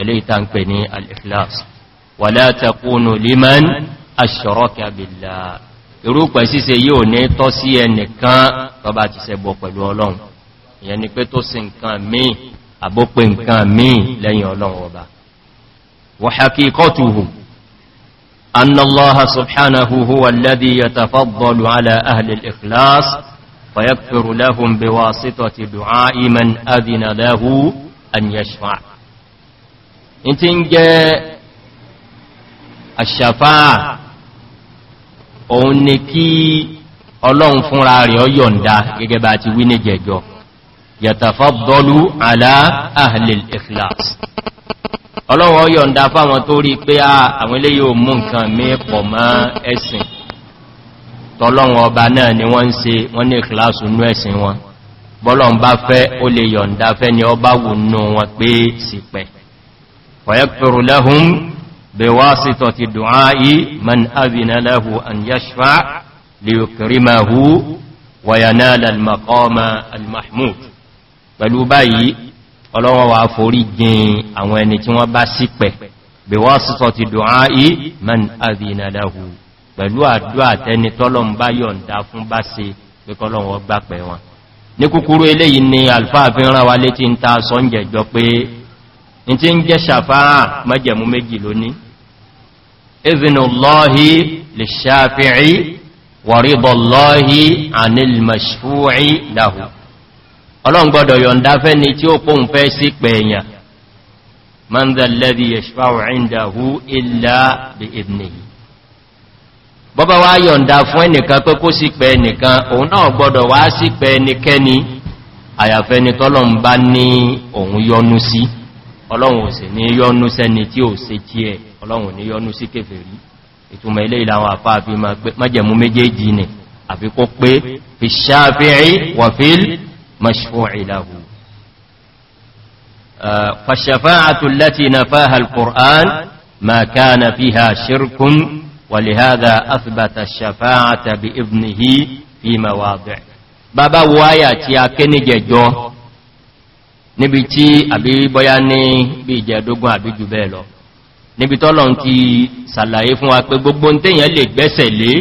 إليتان كني الإخلاص ولا تكون لمن أشرك بالله إروكو سيسي يوني توسي نكان فبا تسي بوكو الولون يعني كتوسي كان مي أبوكو كان مي لن يولون وبا وحقيقته أن الله سبحانه هو الذي يتفضل على أهل الإخلاص فيكفر لهم بواسطة دعاء من أذن له أن يشفع in ti ń jẹ́ àṣàfáà òun ni kí ọlọ́run fúnra rẹ̀ ọyọ̀ǹda gẹ́gẹ́ bá ti wí ní jẹjọ yàtàfàbọ́lú àlá ahlil ikhlas ọlọ́run ọyọ̀ǹda fáwọn tó rí pé àwọn ilé yóò mú nǹkan mí pọ̀ mọ́ ẹ̀sìn tọ́lọ́run ọba náà ni wọ́n ń ṣe wọ́n ní ìkìláàsù nú ẹ̀sìn wọn bọ́lọ́run bá fẹ́ ó lè yọ̀ǹda fẹ́ ni ọba wù nú wọn pé sípẹ̀ si ويغفر لهم بواسطة الدعاء من أذن له أن يشفع ليكرمه وينال المقام المحمود pẹ̀lú báyìí ọlọ́wọ́ wa forí jìn àwọn ẹni tí wọ́n bá sí pẹ̀ bí wọ́n sọ́tọ̀ ti dùnà ì man àdínà láhù pẹ̀lú àdúà tẹni tọ́lọ̀m bá yọ̀nda fún bá se pé kọ́lọ̀wọ́ gbá pẹ̀ wọn ní kúkúrú eléyìí ni alfáàfin rán wa létí ń ta sọ́njẹ̀jọ pé ní tí ń jẹ́ ṣàfáà májẹ̀mú méjì lóní ibnullahi lè ṣàfi'í wàrídọ̀lọ́hí ànilmashfú'í láhù ọlọ́ngbọ́dọ̀ yọ̀nda fẹ́ ni tí ó pòun fẹ́ sí pẹ̀ẹ̀yàn man dha alladhi yashfa'u 'indahu illa bi idnihi bọ́bá wá yọ̀nda fún ẹnìkan pé kó sí pẹ̀ ẹnìkan òun náà gbọ́dọ̀ ọlọ́run òsè ní yọ́nú sẹ́ni tí ó se tí ẹ ọlọ́run ní yọ́nú sí kéfèrí ìtumọ̀ ilé ìlàwọn àpá àfi májẹ̀mú méjèèjì nì àfikún pé fi ṣáfíì wọ̀fíl mashfúìláhù fàṣàfáàtù láti na fáhàl tí a kí jẹjọ́ níbi tí àbí bọ́yá ní bí ìjẹ̀dógún àbí jù bẹ́ẹ̀ lọ níbi tọ́lọ̀ ti sàlàyé fún wa pé gbogbo tèyàn lè gbẹ́sẹ̀ lé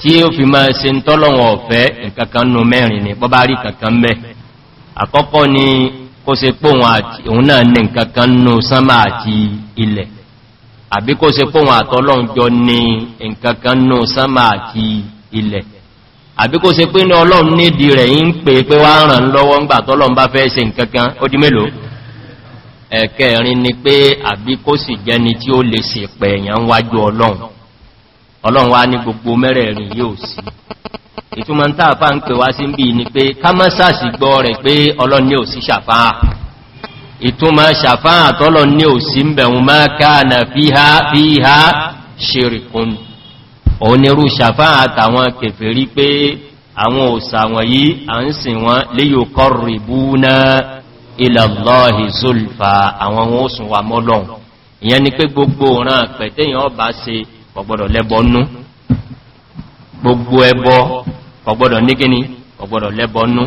tí ó fi máa ṣe ń tọ́lọ̀wọ̀n ọ̀fẹ́ ìkankan mẹ́rin ní bọ́bá rí kankan mẹ́ àkọ́kọ́ ni kó se pòun òun náà ní nkankan nù sánmà àti ilẹ̀ àbí kó se pòun àtọ́lọ́njọ ní nkankan nù sánmà àti ilẹ̀ àbí kó ṣe pé ní ọlọ́run nídi rẹ̀ yí ń pè pé wá ràn ń lọ́wọ́ ńgbà tọ́lọ́run bá fẹ́ ṣe nǹkankan ó di mélòó ẹ̀kẹrin ni pé àbí kó sì jẹni tí ó lè ṣe pẹ̀ èèyàn wájú ọlọ́run ọlọ́run wá ní gbogbo mẹ́rẹ̀ẹ̀rin yóò òun ni rú ṣàfá àtàwọn kèfèrí pé àwọn òsà wọ̀nyí à ń sìn wọn léyò kọrìbúná ilàlọ́hì zulfa àwọn wọn ó sùn wà mọ́lọ̀n ìyẹn ni pé gbogbo òran pẹ̀tẹ́yàn ọba se ọgbọ̀dọ̀ lẹ́bọnú gbogbo ẹbọ ọgbọ̀dọ̀ nígíní ọgbọ̀dọ̀ lẹ́bọnú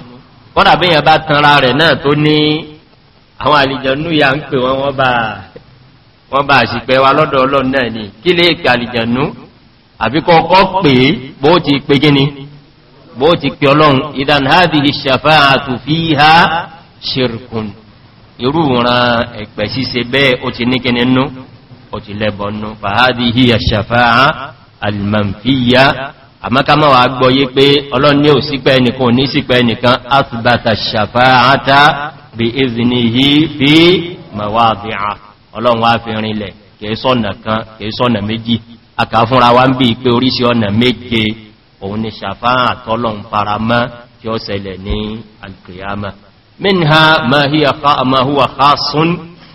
kọ́dà bí yẹn bá tanra rẹ̀ náà tó ní ni kí lè pè àfikọ́ kọ́ pé bó ti pé gíní bó ti pé ọlọ́run ìdán hadhihi shafa'atu fiha shirkun irú ran ẹ̀pẹ̀ síse bẹ́ẹ̀ ó ti ní kíní nú ó ti lẹ́bọnú fa hadhihi ash-shafa'a al-manfiyya àmákámọ́ wa gbọ́yé pé ọlọ́run ní kìí sọ́nà kan kìí sọ́nà méjì akàfúnra wá ń bí pé oríṣi ọ̀nà méje òun ni ṣàfáà àtọ́lọ̀un paramá tí ó ṣẹlẹ̀ ní alkiyama minha ma hiya ma huwa khasun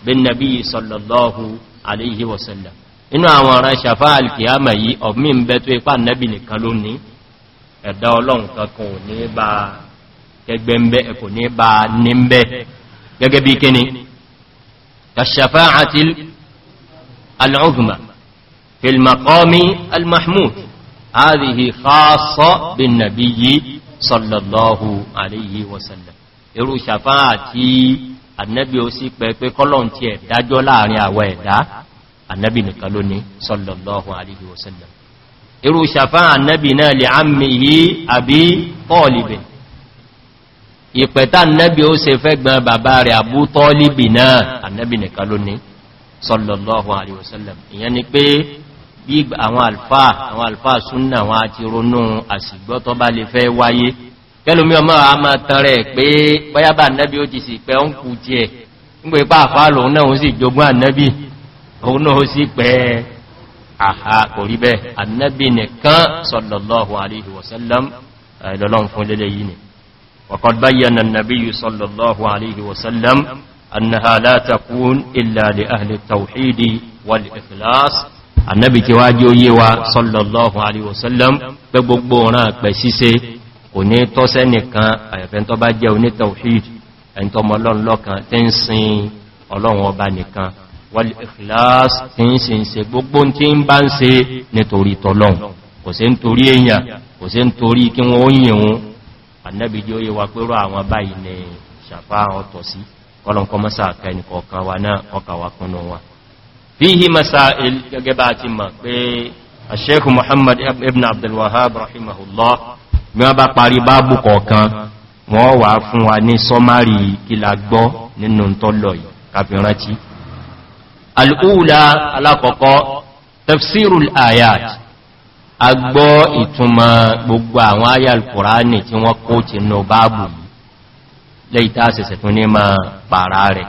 bin nabi sallallahu alaihi wasallam inú àwọn ọ̀ràn ṣàfáà alkiyama yìí ọ̀mí ń bẹ́ tó ipá nabi ẹ̀dá ọlọ́run kankan ò ní bá kẹgbẹ́ ń ní bá ní gẹ́gẹ́ bí kíni kàṣàfáà àti al'ugma في المقام المحمود هذه خاصة بالنبي صلى الله عليه وسلم irú ṣàfáà tí annabi ó sì pẹ̀ pé kọ́lọ̀n tí ẹ̀ dájọ́ láàrin àwọ ẹ̀dá annabi nìkan ló ní sallallahu alaihi wasallam irú ṣàfáà annabi náà lè ámì yí àbí tọ́ọ̀lìbì ìpẹ̀ta annabi ó se fẹ́ gbọ́n bàbá rẹ̀ àbú tọ́ọ̀lìbì náà annabi nìkan ló ní sallallahu alaihi wasallam ìyẹn ni pé bí àwọn alfáà àwọn alfáà súnnà wọn àti ronú àsìgbọ́ tó bá lè fẹ́ wáyé kẹlùmí ọmọ a máa tọrẹ pé báyábà nẹ́bí ó ti sì pẹ́ ń kù tí ẹ̀ ń pè pá àfáà lòun náà ó sì jogún ànẹ́bí òun náà ó sì pẹ́ àhà kò bẹ́ ànẹ́bí nìkan sọ̀lọ̀lọ́hùn àríhì وقد بيّن النبي صلى الله عليه وسلم أنها لا تكون إلا لأهل التوحيد والإخلاص annabi ti wá jí wa sallallahu alaihi wasallam pé gbogbo ọ̀ràn pẹ̀ síse kò ní tọ́sẹ́ nìkan àyàfẹ́ tó bá jẹ́ oní tawhid ẹni tó tí ń sin ọlọ́run ọba nìkan wal ikhlas tí se gbogbo tí ń bá ń se nítorí tọ́lọ́run kò sí ń torí èèyàn kò sí ń torí kí wọ́n ó yìn wọn annabi jí ó yé wa náà ọkà wa kúnnú wọn fíhí masáìl gẹ́gẹ́ bá ti mọ̀ pé aṣẹ́kù muhammad ibn abdulwahab rahimahullah bí wọ́n bá parí báàbù kọ̀ọ̀kan wọ́n wà fún wa ní sọmárì kìlàgbọ́ nínú tọ́lọ̀ kàfìrántí al'ula alákọ̀ọ́kọ́ tafsirul ayat agbọ́ ìtumọ̀ gbogbo àwọn ayà alkùránì tí wọ́n kó ti nù báàbù yìí tún ní ma pàrà rẹ̀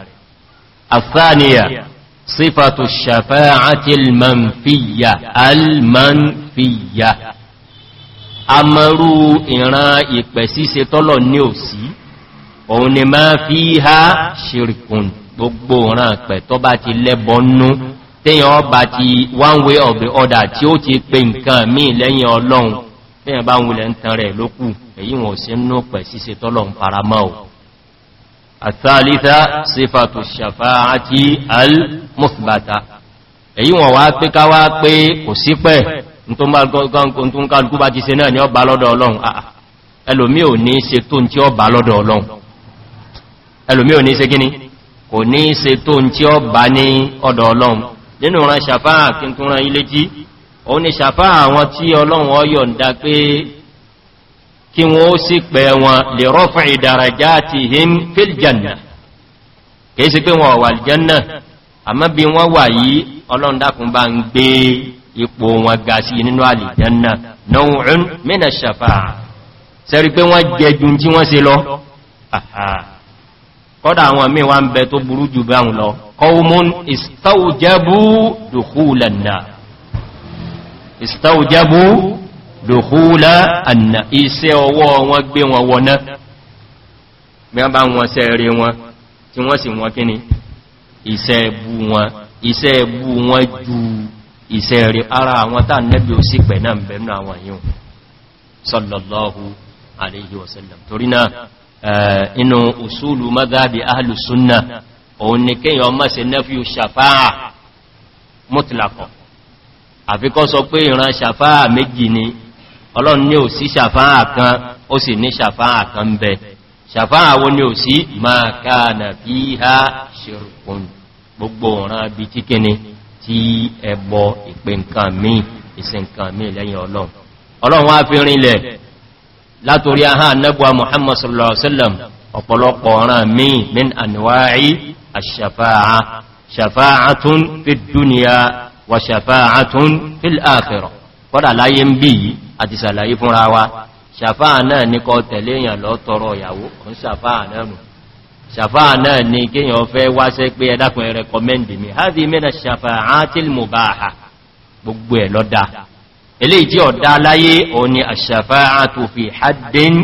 sífàtò ṣàfáàtì almanfíyà almanfíyà a marú ìran ìpẹ̀ síse tọ́lọ̀ ní òsí òun ni máa fi ha ṣirikun gbogbo ìran pẹ̀ tọ́ bá ti lẹ́bọnú tíyàn ọba ti one way of the order tí ó ti pe nǹkan míì lẹ́yìn ọlọ́run tíyàn bá ń wulẹ̀ ń tan rẹ̀ lókù èyí wọn sí nú pẹ̀ síse tọ́lọ̀ ń paramọ́ àtàlítà sífàtù ṣàfáàtí al-muthbata èyí wọn wá pé ká wá pé kò sí pẹ́ tó ń kálùkú bá ti ṣe náà ah, ah. ní ọba lọ́dọ̀ ọlọ́run ẹlòmí ò ní ṣe tó ń tí ọba lọ́dọ̀ ọlọ́run ẹlòmí ò ní ṣe gíní kò ní ṣe tó ń tí ọba ní ọdọ̀ ọlọ́run nínú ran ṣàfáà kí n tún ran ilé tí òun ni ṣàfáà àwọn tí ọlọ́run ọyọ̀ ń dá pé kí wọ́n ó sì pẹ̀ wọn lè rọ́fà ìdàràjá ti hìn fíljanna kìí sí pé wọn wà aljanna àmọ́ bí wọ́n wà yìí ọlọ́ndàkùn bá ń gbé ipò wọn ga sí nínú aljanna náwùn mínà ṣàfà sẹ́rí pé wọ́n jẹjun tí wọ́n se lọ kọ́dà àwọn míì wá ń bẹ tó burú jù bá ń lọ qawmun istawjabu dukhulanna istawjabu dùkúlá ànà iṣẹ́ ọwọ́ wọn gbé wọn wọná mẹ́bá wọn sẹ́rẹ wọn tí wọ́n sì wọ́n kíni iṣẹ́ ẹbú wọn iṣẹ́ ẹbú wọn ju iṣẹ́ rẹ ara àwọn tàà nẹ́bí ó sì pẹ̀ náà bẹ̀rún àwọn yíò sallallahu alaihi wasallam torí náà eh, inú usulu madhabi ọlọ́run ní ò sí ṣàfáà kan ó sì ní ṣàfáà kan bẹ ṣàfáà wo ní ò sí ma káànà fi ha ṣirkun gbogbo ọ̀ràn bí tí kíni tí ẹbọ ìpè nǹkan míì ìsìn nǹkan míì lẹ́yìn ọlọ́run ọlọ́run wá fi rinlẹ̀ látorí ahá anẹ́gbà muhammad àti sàlàyé fúnra wa ṣàfáà náà ní kọ tẹ̀lé èyàn lọ tọrọ ìyàwó ọ̀n ṣàfáà náà nù ṣàfáà náà ní kíyàn fẹ́ wáṣẹ́ pé ẹdákùn ẹrẹkọmẹ́ndì mi ha fi mẹ́nà ṣàfáà tí mo bá ha gbogbo ẹ̀ lọ́dá ilé ìjí ọ̀dá aláyé òun ni àṣàfáà tó fi haddin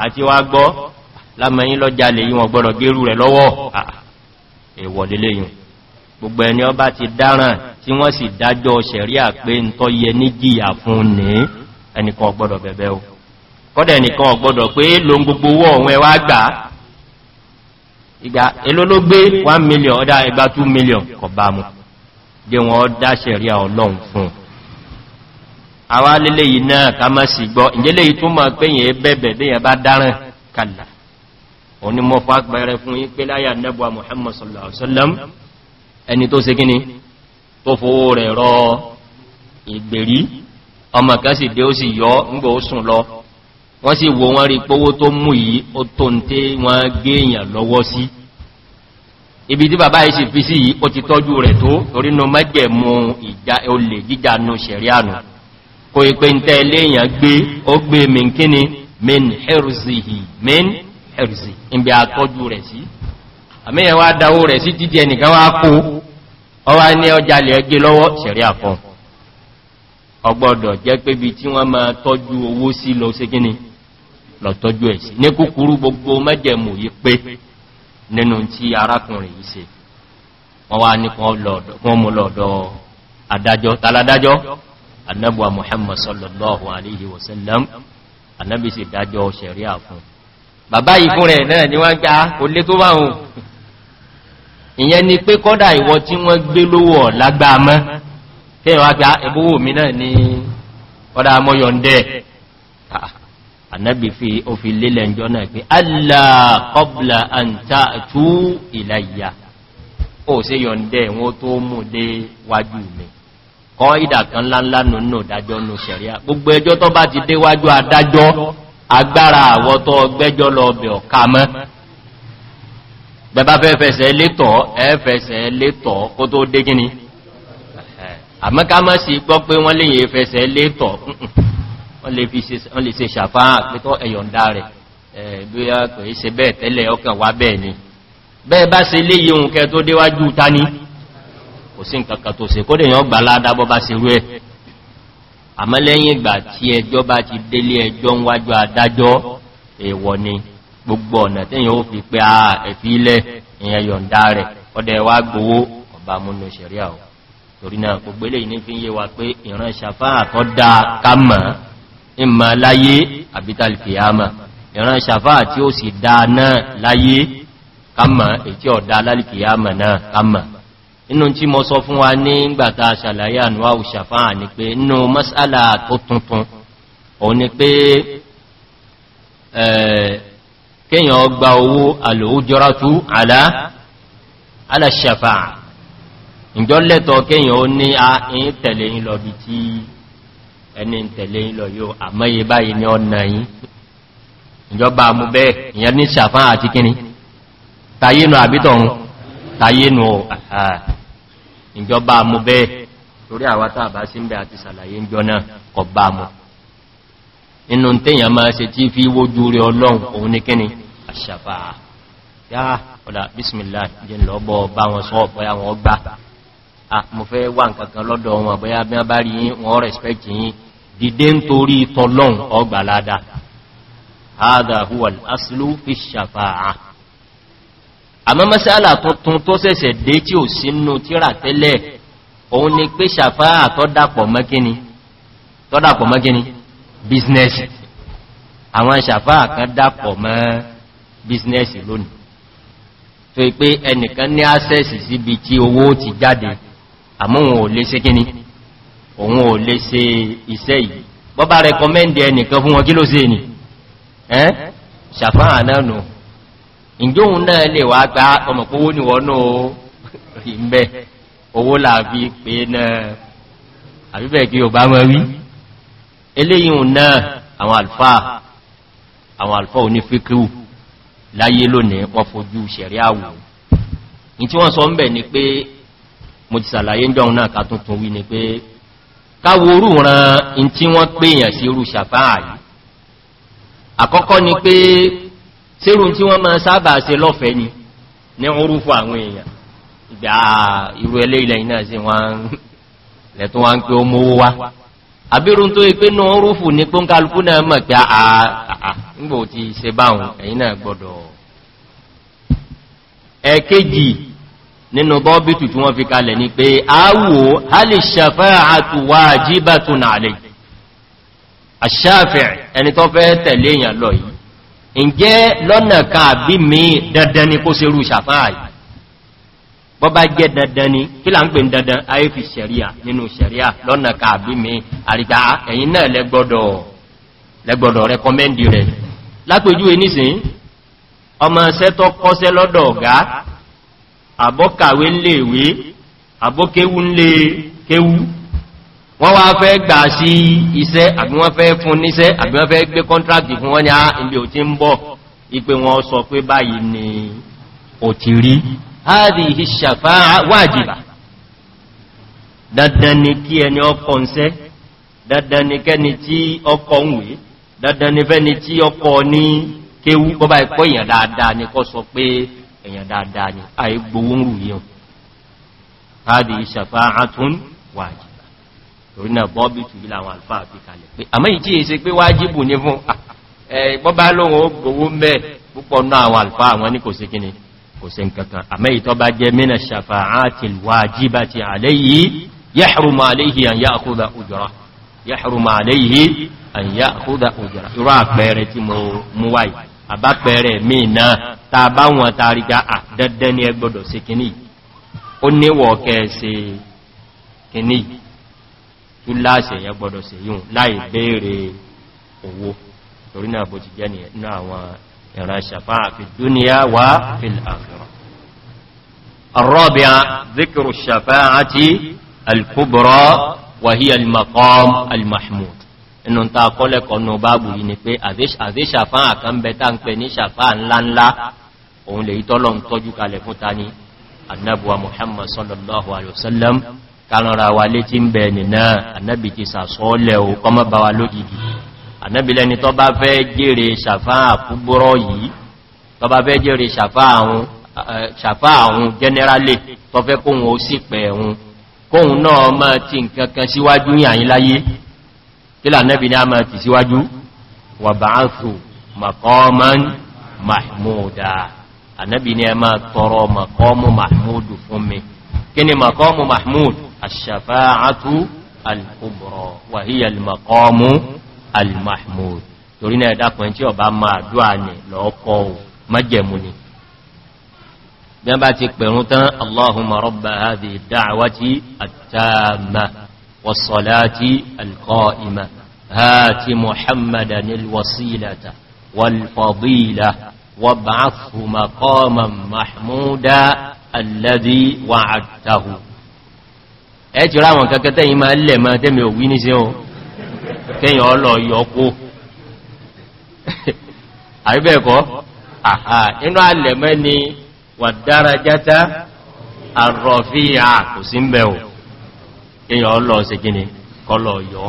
àti ah, wá ah, gbogbo ẹni ọba ti dáràn tí wọ́n sì dájọ́ sẹ̀ríà pé ń tọ́ yẹ ní jìyà fún ní ẹnìkan ọgbọ́dọ̀ bẹ̀bẹ̀ o kọ́dẹ̀ ẹnìkan ọgbọ́dọ̀ pé lo gbogbo owó ọ̀hún ẹwà gbà million ọdá ẹgbà 2 million kọ̀ bá mú dé wọn dá sẹ̀ríà ọlọ́run fún àwá lélé yìí náà ká má sì gbọ́ ìjẹ́lẹ̀ yìí tó máa pé yẹn òní mọ́ fàgbẹ̀rẹ̀ fún yí pé láyà nẹ́bùwà muhammad sallallahu alaihi wasallam ẹni tó se gíní tó fowó rẹ̀ rọ ìgbèrí ọmọ kan sì dé ó sì yọ ńgbò ó sùn lọ wọ́n sì wo wọ́n rí pówó tó mú yìí ó tó ń tẹ́ wọ́n lọ́wọ́ sí ibi tí bàbá ìsì fi sí yìí ti tọ́jú rẹ̀ tó orínú mẹ́jẹ̀mú ìjà olè ija nù sẹ̀ríànù kò ìpé ń tẹ́ léèyàn gbé ó gbé min min herzihi min herzi a rẹ̀ sí àmì ẹ̀wà dáwó rẹ̀ sí títí ẹnìkan wá kó ọwá ní ọjà lè ẹgbẹ́ lọ́wọ́ ṣẹ̀rí àfọn ọgbọ́dọ̀ jẹ́ pé bí tí wọ́n máa tọ́jú owó sí lọ sí gíní lọ tọ́jú ẹ̀ sí ní kúkúrú gbogbo mẹ́jẹ̀mù yí pé nínú tí arákùnrin yìí se wọ́n wá ní kan mú lọ́dọ̀ adájọ́ taládájọ́ annabuwa muhammad sallallahu alaihi wasallam annabi ìyẹn ni pé kọ́dà ìwọ tí wọ́n gbé lówó lágbàá mọ́ kí ìwọ́n àgbà ẹgbówó ah, mi náà ní ọ̀dá mọ́yọ̀ndẹ̀ ànábì fi òfin lélẹ̀ ìjọ náà pé aláàkọ́bla àǹtà tú ìlàyà ó sí yọ̀ndẹ̀ wọ́n tó mú dé wájú mi kọ́ ìdàkan láńlá nínú ìdájọ́ nù sẹ̀ríà gbogbo bẹba fẹ́ fẹsẹ̀ létọ̀ ẹ fẹsẹ̀ létọ̀ kó tó dé gíní àmọ́ká mọ́ sí gbọ́ pé wọ́n lè yẹ fẹsẹ̀ létọ̀ wọ́n lè ṣe ṣàfáà pẹ́tọ́ ẹ̀yọ̀ndà rẹ̀ ẹ̀bíyà kò í ṣe bẹ́ẹ̀ tẹ́lẹ̀ ọkàn wá bẹ́ẹ̀ ni bẹ́ẹ̀ bá ṣe lé yíun kẹ ìgbà tí ẹjọ́ bá ti délé ẹjọ́ ń wájú adájọ́ èèwọ̀ ni gbogbo ọ̀nà tí yíò fi pé a ẹ̀fí ilẹ̀ ìyẹn yọ̀ǹda rẹ̀ ọdẹ wá gbowó ọba múnú ṣẹ̀ríà ọ̀ torí náà gbogbo ilé ìní fi ń yé wa pé ìran ṣàfá àtọ́ dá kámà ìmà láyé àbítàlì kìyàmà ìran ṣàfá tí ó sì dá náà láyé kámà ètí inú tí mo sọ fún wa ní gbàta ṣàlàyé ànúwà òṣàfá ní pé inú mas'ala tó tuntun òun ni pé kíyàn ọgbà owó alòójọ́rátú àlá aláṣàfà ìjọ́lẹ́tọ̀ kíyàn ó ní a ń tẹ̀lé yín lọ bí tí ẹni ń tẹ̀lé yín lọ yóò àmọ́yé báyìí ní ọ̀nà yín ìjọba mú bẹ́ẹ̀ ìyẹn ní ṣàfà àti kíni tayénu àbítọ̀run tayénu ìjọba mú bẹ́ẹ̀ torí àwátà àbá sí ń bẹ àti sàlàyé ń jọ náà kọ̀ inú tèyàn máa ṣe tí fi wójú rí ọlọ́run òun ní kíni àṣàfàà yá ọ̀dá bísmìlá jẹ́ lọ́bọ̀ bá wọn sọ ọ̀pọ̀ ya wọn gbá mo fẹ́ wà nkankan lọ́dọ̀ wọn bóyá bí wọ́n bá rí yí wọn rẹ̀spẹ̀kì yí dìde ń torí tọ́lọ́n ọgbàládà hádà huwal aslu fi ṣàfàà àmọ́ mẹ́sàálà tuntun tó sẹ̀sẹ̀ dé tí ò sínú tíra tẹ́lẹ̀ ni pé ṣàfáà tọ́dàpọ̀ mọ́kíní tọ́dàpọ̀ mọ́kíní àwọn ṣàfáà kan dàpọ̀ mọ́ bísínẹ́sì lónìí tó yí pé ẹnìkan ní àṣẹ́sì síbi tí owó ti jáde àmọ́ òun ò lè ṣe kíní òun ò lè ṣe iṣẹ́ yìí bọ́ bá rẹkọmẹ́ndì ẹnìkan fún wọn kí ló ṣe ní ẹ́ ṣàfáà náà nù ìjóhun náà lè wá gbá ọmọkówó ní wọnú ìmẹ́ owó làbí pé náà àbíbẹ̀ kí Yorùbá mọ́ wí eléyìn náà àwọn àlfáà àwọn àlfáà onífíkíwù láyé lónìí wọ́n fojú ṣẹ̀rí àwò ní tí wọ́n sọ ń bẹ̀ ni pé mo ti sàlàyé jọun náà ká tuntun wí ni pé káworú ran in tí wọ́n pèèyàn sí irú ṣàfáà yìí àkọ́kọ́ ni pé sírun tí wọ́n máa sábà ṣe lọ́fẹ̀ẹ́ ni ní orú fún àwọn èèyàn ìgbà irú ẹlẹ́ ilẹ̀ iná sí wọ́n lẹ́tún ńgbò ti ṣe báhùn ẹ̀yìn náà gbọdọ̀ ẹ̀kejì nínú bọ́bítù tí wọ́n fi kalẹ̀ ni pé àwò hálì ṣàfáàtù wà jíbàtù nàlẹ̀ àṣáfẹ́ ẹni tó fẹ́ tẹ̀lé èèyàn lọ yìí ǹjẹ́ lọ́nà kàbí mi dandan ni kó se rú ṣàfáàyì lẹ́gbọ̀dọ̀ rẹkọmẹ́ndì rẹ̀ lápèjú enísìn ọmọ ṣẹ́tọ́ kọ́ṣẹ́ lọ́dọ̀ ọ̀gá àbọ́kàwé ń léèwé àbókéwú ń lè kéwú wọ́n wá fẹ́ gbà sí iṣẹ́ àbí wọ́n fẹ́ fún níṣẹ́ àbí fẹ́ gbé kọ́ntrakì fún wọ́n ní à ah, ìbí ò ti ń bọ̀ ipé wọn sọ pé báyìí ni ò ti rí hadhihi ash-shafā'a wājibah dandan ni kí ẹni ọkọ̀ ń sẹ́ dandan ni kẹ́ni tí ọkọ̀ ń wèé dandan ni fẹ́ni tí ọkọ̀ ní kéwú bọ́bá ẹ̀kọ́ èyàn dáadáa ni kọ́ sọ pé èyàn dáadáa ni àì gbowó rù yíò káàdì ìṣàfà àtún wàjìbà torí náà bọ́bí tùbí láwọn alfa àti kalẹ̀ pé àmọ́ ìjí èsẹ pé wájìbù ní fún ah, bọ́bá lóhun ó gbowó mẹ́ púpọ̀ náà àwọn yahrum alayhi an ya'khudha ujra irú àpẹẹrẹ tí mo mú wáyí àbápẹẹrẹ míì náà ta bá wọn tàrígá à dẹ́dẹ́ ní ẹgbọ́dọ̀ sí kìíní ó níwọ̀ kẹsẹ̀ kìíní tó láṣẹ ẹgbọ́dọ̀ sí yíò láì béèrè owó torí náà الرابعة ذكر الشفاعة الكبرى wàhí al-maqam al-mahmud inú ta kọ́lẹ̀kọ́ ní báàbù yìí ni pé àti ṣàfáà kan bẹ̀ta ń pẹ ní ṣàfáà ńláńlá òun lè tọ́lọ ń tọ́jú kalẹ̀ fún ta ní annabuwa muhammad sallallahu alaihi wasallam kanara wa létí ń bẹ̀ẹ̀ nìna annabi ti sàsọ́ọ́lẹ̀ o kọmọ kóhun náà ma ti nkankan síwájú yàyìn láyé kí lànẹ́bì ní a ma ti síwájú wà ba'athu maqaman mahmuda ànẹ́bì ní a ma tọrọ maqamu mahmudu fún mi kí ni maqamu mahmud ash-shafa'atu al-kubra wa torí náà dákùn bí a bá ti pẹ̀rún tán allahumma rabba hadhihi ad-da'wati at-tamma was-salati al-qa'ima hati muhammadan al-wasilata wal-fadila wab'athhu maqaman mahmuda alladhi wa'adtahu ẹ ti ra àwọn kankan tẹ́yìn máa lẹ̀ máa tẹ́mi àà inú alẹ̀mẹ́ ni wà dára játá àrọ̀fíà kò sí ń bẹ̀ ò kíyàn ọlọ́ sí gíní kọlọ̀ yọ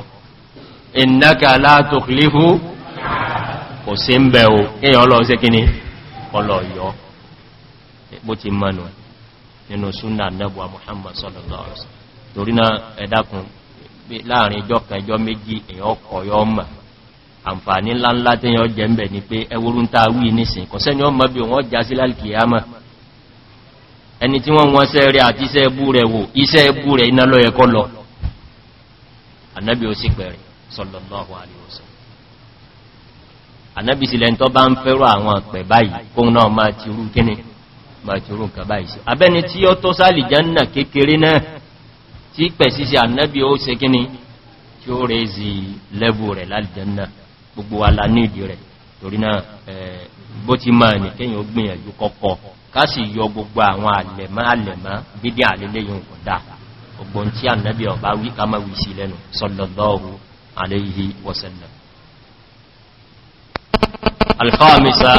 ìnáka látò kìlífú kò sí ń bẹ̀ ò kíyàn ọlọ́ sí gíní kọlọ̀ yọ bó ti mọ́nù nínú súnà nẹ́bùwa Muhammad sallallahu alaihi wasallam láàrin ìjọ kan ìjọ méjì èyàn ọkọ̀ yọ ọmọ àǹfààní ńláńlá tí yọ jẹ́ ń ni pé ẹwúrú wí nísìn kọ̀sẹ́ni ọmọ bí wọ́n já sí lálìkìyàmọ̀ ẹni tí wọ́n wọ́n sẹ́ rẹ̀ àti iṣẹ́ ẹbú rẹ̀ wò iṣẹ́ ẹbú rẹ̀ iná lọ ẹ̀kọ́ lọ anábi ó sì pẹ̀rẹ̀ sallallahu alaihi wasallam anábi sílẹ̀ tó bá ń fẹ́rọ àwọn àpẹ̀ báyìí kóhun náà máa ti rú kíní máa ti la ní ìdí rẹ̀ torí náà eh, bó ti máa nìkéyìn ó gbìyànjú kọ́kọ́ kásì yọ gbogbo àwọn àlẹ̀mọ́ àlẹ̀mọ́ bídí àlẹ́lẹ́yìn òkùndá ọgbọ̀n tí ànẹ́bí ọba wí ká mọ́ wí sí lẹ́nu sọ́lọ̀lọ́rù àlẹ́yìí wọ́sẹ̀lẹ̀ alkhamisa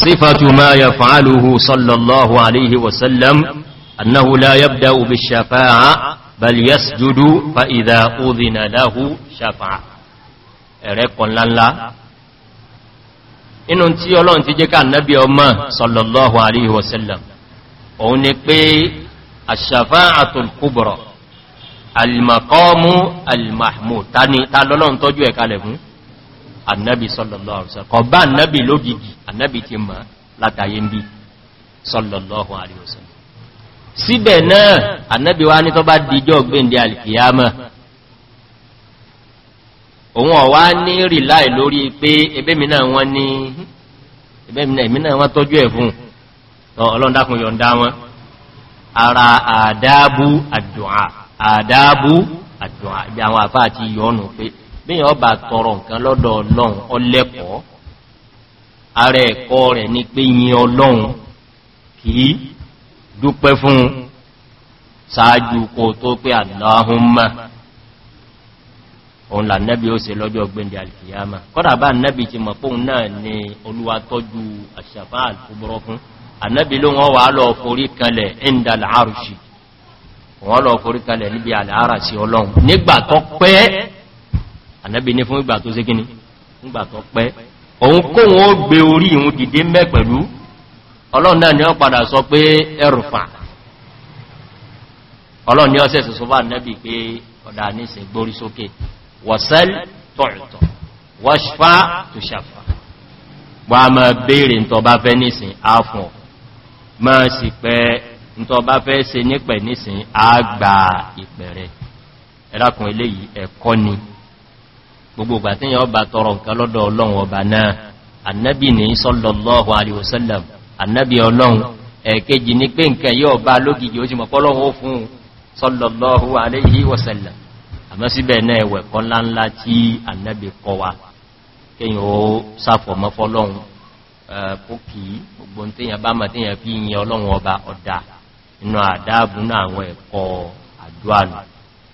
sífàtù máa yẹ fa'aluhu sọ́lọ̀lọ́rù àlẹ́yìí wọ́sẹ̀lẹ̀m annahu la yabda inú tí ọlọ́run ti jẹ́ ká nábí ọmọ sallallahu alayhi wa sallam òun ni pé ash-shafa'atul kubra al-maqamu al-mahmud tani ta lọ́lọ́run tọ́jú ẹ̀ kalẹ̀ fún annabi sallallahu alayhi wa sallam kọba annabi lógigi annabi ti ma látàyé ń bí òun ọ̀wá ní rí láì lórí pé ebémìnà wọn ní ebémìnà tọ́jú ẹ̀ fún ọlọ́ndàkùn wọn ara àdábú àdùnà àdábú àdùnà ibi àwọn àfá àti yọ̀nù pé bíyàn ọba tọrọ nǹkan lọ́dọ̀ ọlọ́run ọlẹ́kọ̀ọ́ ara ẹ̀kọ́ rẹ̀ pé yin ọlọ́run fún ṣáájú kò tó pé àdáhùn òun là nẹ́bí ó se lọ́jọ́ gbẹ́ndẹ̀ alkiyama kọ́dà bá nẹ́bí ti mọ̀ pòun náà ni olúwa tọ́jú àṣàfà alkubọ́rọ́ fún anẹ́bí ló wọ́n wà lọ kalẹ̀ inda al'arṣi wọ́n lọ forí kalẹ̀ níbi al'ara ọlọ́run nígbà tó pẹ́ anẹ́bí ní fún wọ̀sẹ́l tọ̀ọ̀tọ̀ wọ́ṣfà tó ṣàfà wà má bèèrè ntọba fẹ́ nísìn áfọ̀ má sì pẹ́ ntọba fẹ́ se nípẹ̀ nísìn àgbà ìpẹ̀rẹ̀ ẹ̀rákùn eléyìí ẹ̀kọ́ ni gbogbo ìgbà tí ní pé nǹkan yọ bá lógìjì ó ti mọ̀ pọ́lọ́run fún sallallahu alaihi wasallam àmọ́ síbẹ̀ náà ẹwẹ̀ kọ́ láńlá tí ànẹ́bì kọ wa kíyàn ó sáfọ̀mọ́ fọ́lọ́run kókì gbogbo tíyàn bá máa tíyàn fi yin ọlọ́run ọba ọ̀dá inú àdáàbù náà àwọn ẹ̀kọ́ àdúànù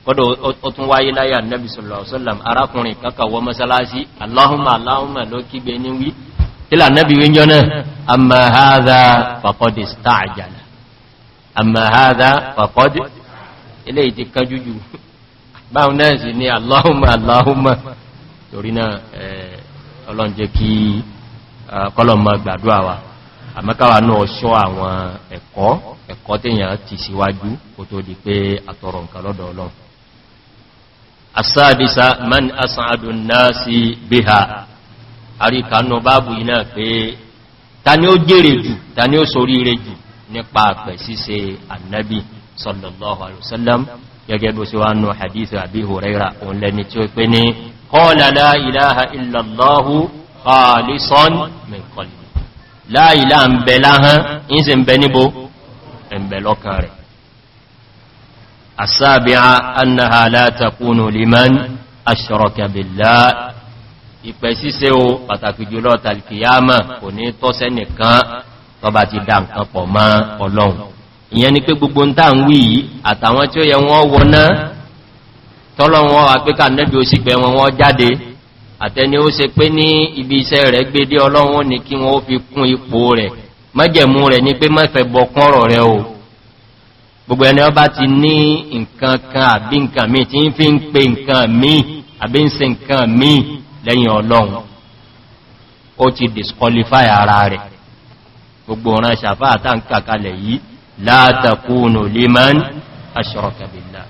kọ́dọ̀ ó tún wáyé láyà nẹ́bì sọ̀lọ̀sọ́lọ̀m arákùnrin kankan wọ mọ́sálásí aláhùnmà aláhùnmà ló kígbe ní wí tílà nẹ́bì wíjọ́ náà amma hadha faqad ista'jala amma hadha faqad ilé ìdíkan jújù báhùn náà sì ni Allahumma Allahumma torí náà ọlọ́njẹ́ kí kọlọ̀mọ́ gbàdúrà wa àmọ́káwà náà ṣọ́ àwọn ẹ̀kọ́ ẹ̀kọ́ tèyàn ti síwájú kò tó di pé àtọrọ nǹkan lọ́dọ̀ Ọlọ́run man asàádù náà sí bíhà àríkànú báàbù iná pé ta ni ó jèrè jù ta ni ó soríire jù nípa sallallahu alaihi wasallam gẹ́gẹ́ bó ṣe wá nù hadithu àbí huraira òun lẹni tí ó pé ní qala la ilaha illallahu khalisan min qalbi la ilaha ń bẹ láhán in sì ń bẹ níbo ń bẹ lọ́kàn rẹ̀ as-sabi'a annaha la takunu liman ashraka ti dá nǹkan pọ̀ mọ́ ọlọ́run ìyẹn ni pé gbogbo ń tàà ń wí yìí àtàwọn tí ó yẹ wọ́n wọná tọ́lọ́wọ́n àpíkà nẹ́bí ó sì gbẹ wọn wọ́n jáde àtẹni ó se pé ní ibi iṣẹ́ rẹ̀ gbédé ọlọ́wọ́n ni kí wọ́n fi kún ipò rẹ̀ mẹ́jẹ̀mú rẹ̀ ni pé mẹ́fẹ́ bọ̀kọ́rọ̀ rẹ̀ o gbogbo ẹni disqualify ara rẹ̀ gbogbo ọ̀ràn ṣàfáà tá ń kàkalẹ̀ yìí látàkúnù liman aṣọ́rọ̀kà billah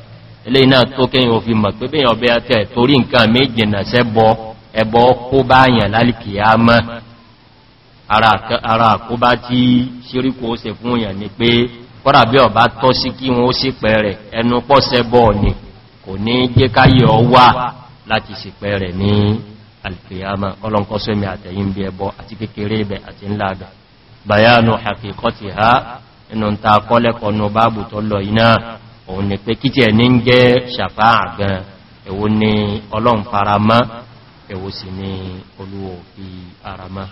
ilé iná tó kẹ́yìn òfin mọ̀ pé bíyàn ọbẹ̀ àtẹ́ torí nǹkan méjì sẹ́bọ ẹbọ kó bá yàn lálìkìyàmọ́ ara kó bá tí ṣíríkò ó se fún yàn ni pé kọ́rà ọba tọ́ sí kí wọ́n ó sì pẹ̀rẹ̀ ẹnu pọ́ ni kò ní jẹ́ káyẹ̀ ọ láti sì pẹ̀rẹ̀ ní àtẹ̀yìn bí inú ta kọ́lẹ́kọ̀ ní báàbù tó lọ iná òun ni pé kíkí ẹ̀ ní ń jẹ́ ṣàfá àgbọn èwo ni ọlọ́run faramá èwo sì ni olúwo fi aramá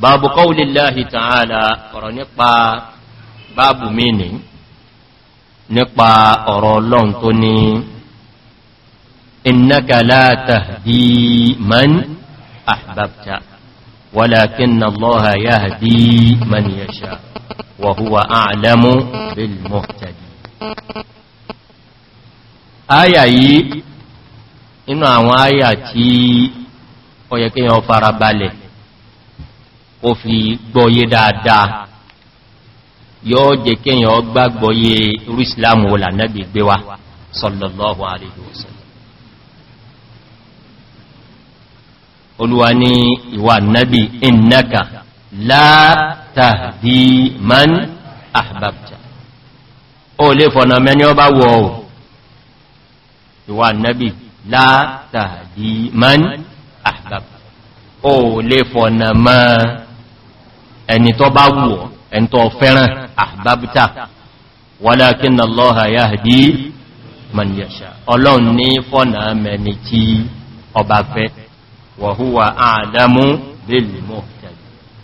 báàbù kọ́wùlélàhì tààlà ọ̀rọ̀ ولكن الله يهدي من يشاء وهو أعلم بالمهتدي آية yìí inú àwọn áyà tí ó yẹ kéèyàn farabalẹ̀ kó fi gbọ́yé dáadáa yóò jẹ kéèyàn gbàgbọ́yé irú ìsìláàmù wọlà náà gbé wá sallallahu alaihi wasallam olúwa ní ìwà nábi innaka látàdí man ahbabta ó lè fọ̀nà mẹ́ni ọba wọ ò ìwà nábi látàdí man ahbabta ó lè fọ̀nà mọ́ ẹni tó bá wù ọ́ ẹni tó fẹ́ràn ahbabta walakin allaha yahdi man yasha ọlọ́run ní fọ̀nà mẹ́ni tí ọba fẹ́ wàhúwà àdámú bèèlì mọ́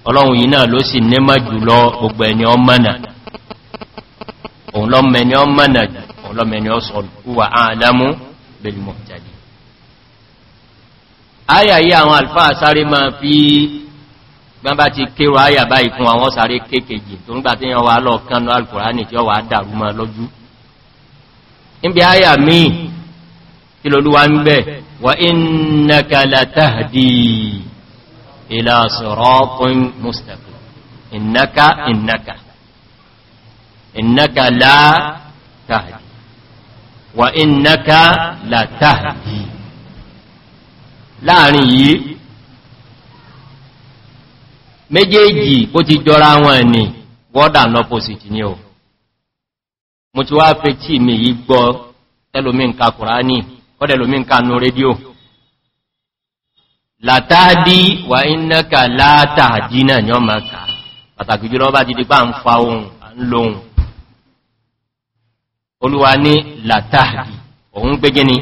ọlọ́run yìí náà ló sì ní má jùlọ gbogbo ẹni ọmọ́nà òun lọ́mẹni ọmọ́nà òun lọ́mẹni ọsọ̀lùwà àdámú bèèlì mọ́ jàdì áyà yí àwọn alfáà sáré máa fi gbọ́nbá ti kéwọ áyà báyìí fún àwọn sáré kéèkèjì tó ń gbà tí yàn wà lọ kánú alkùránì tí ó wà dàrú lọ́jú níbi áyà míì kí lolúwa ń bẹ́ẹ̀ وإنك لتهدي إلى صراط مستقيم إنك إنك إنك لا تهدي وإنك لتهدي láàrin yìí méjèèjì bó ti jọra wọn ni wọ́dà lọ́pọ̀sìtì ní ọ̀ mo ti wá fẹ́ tí mi yìí gbọ́ tẹ́lómí ń ka Kùránì kọ́dẹ̀ lómi ń kanú rédíò látàdí wà ináka látàdí náà ni ọ ma ká pàtàkì jùlọ bá ti di bá ń fa ohun ń lóhun olúwa ní látàdí òun gbé gíní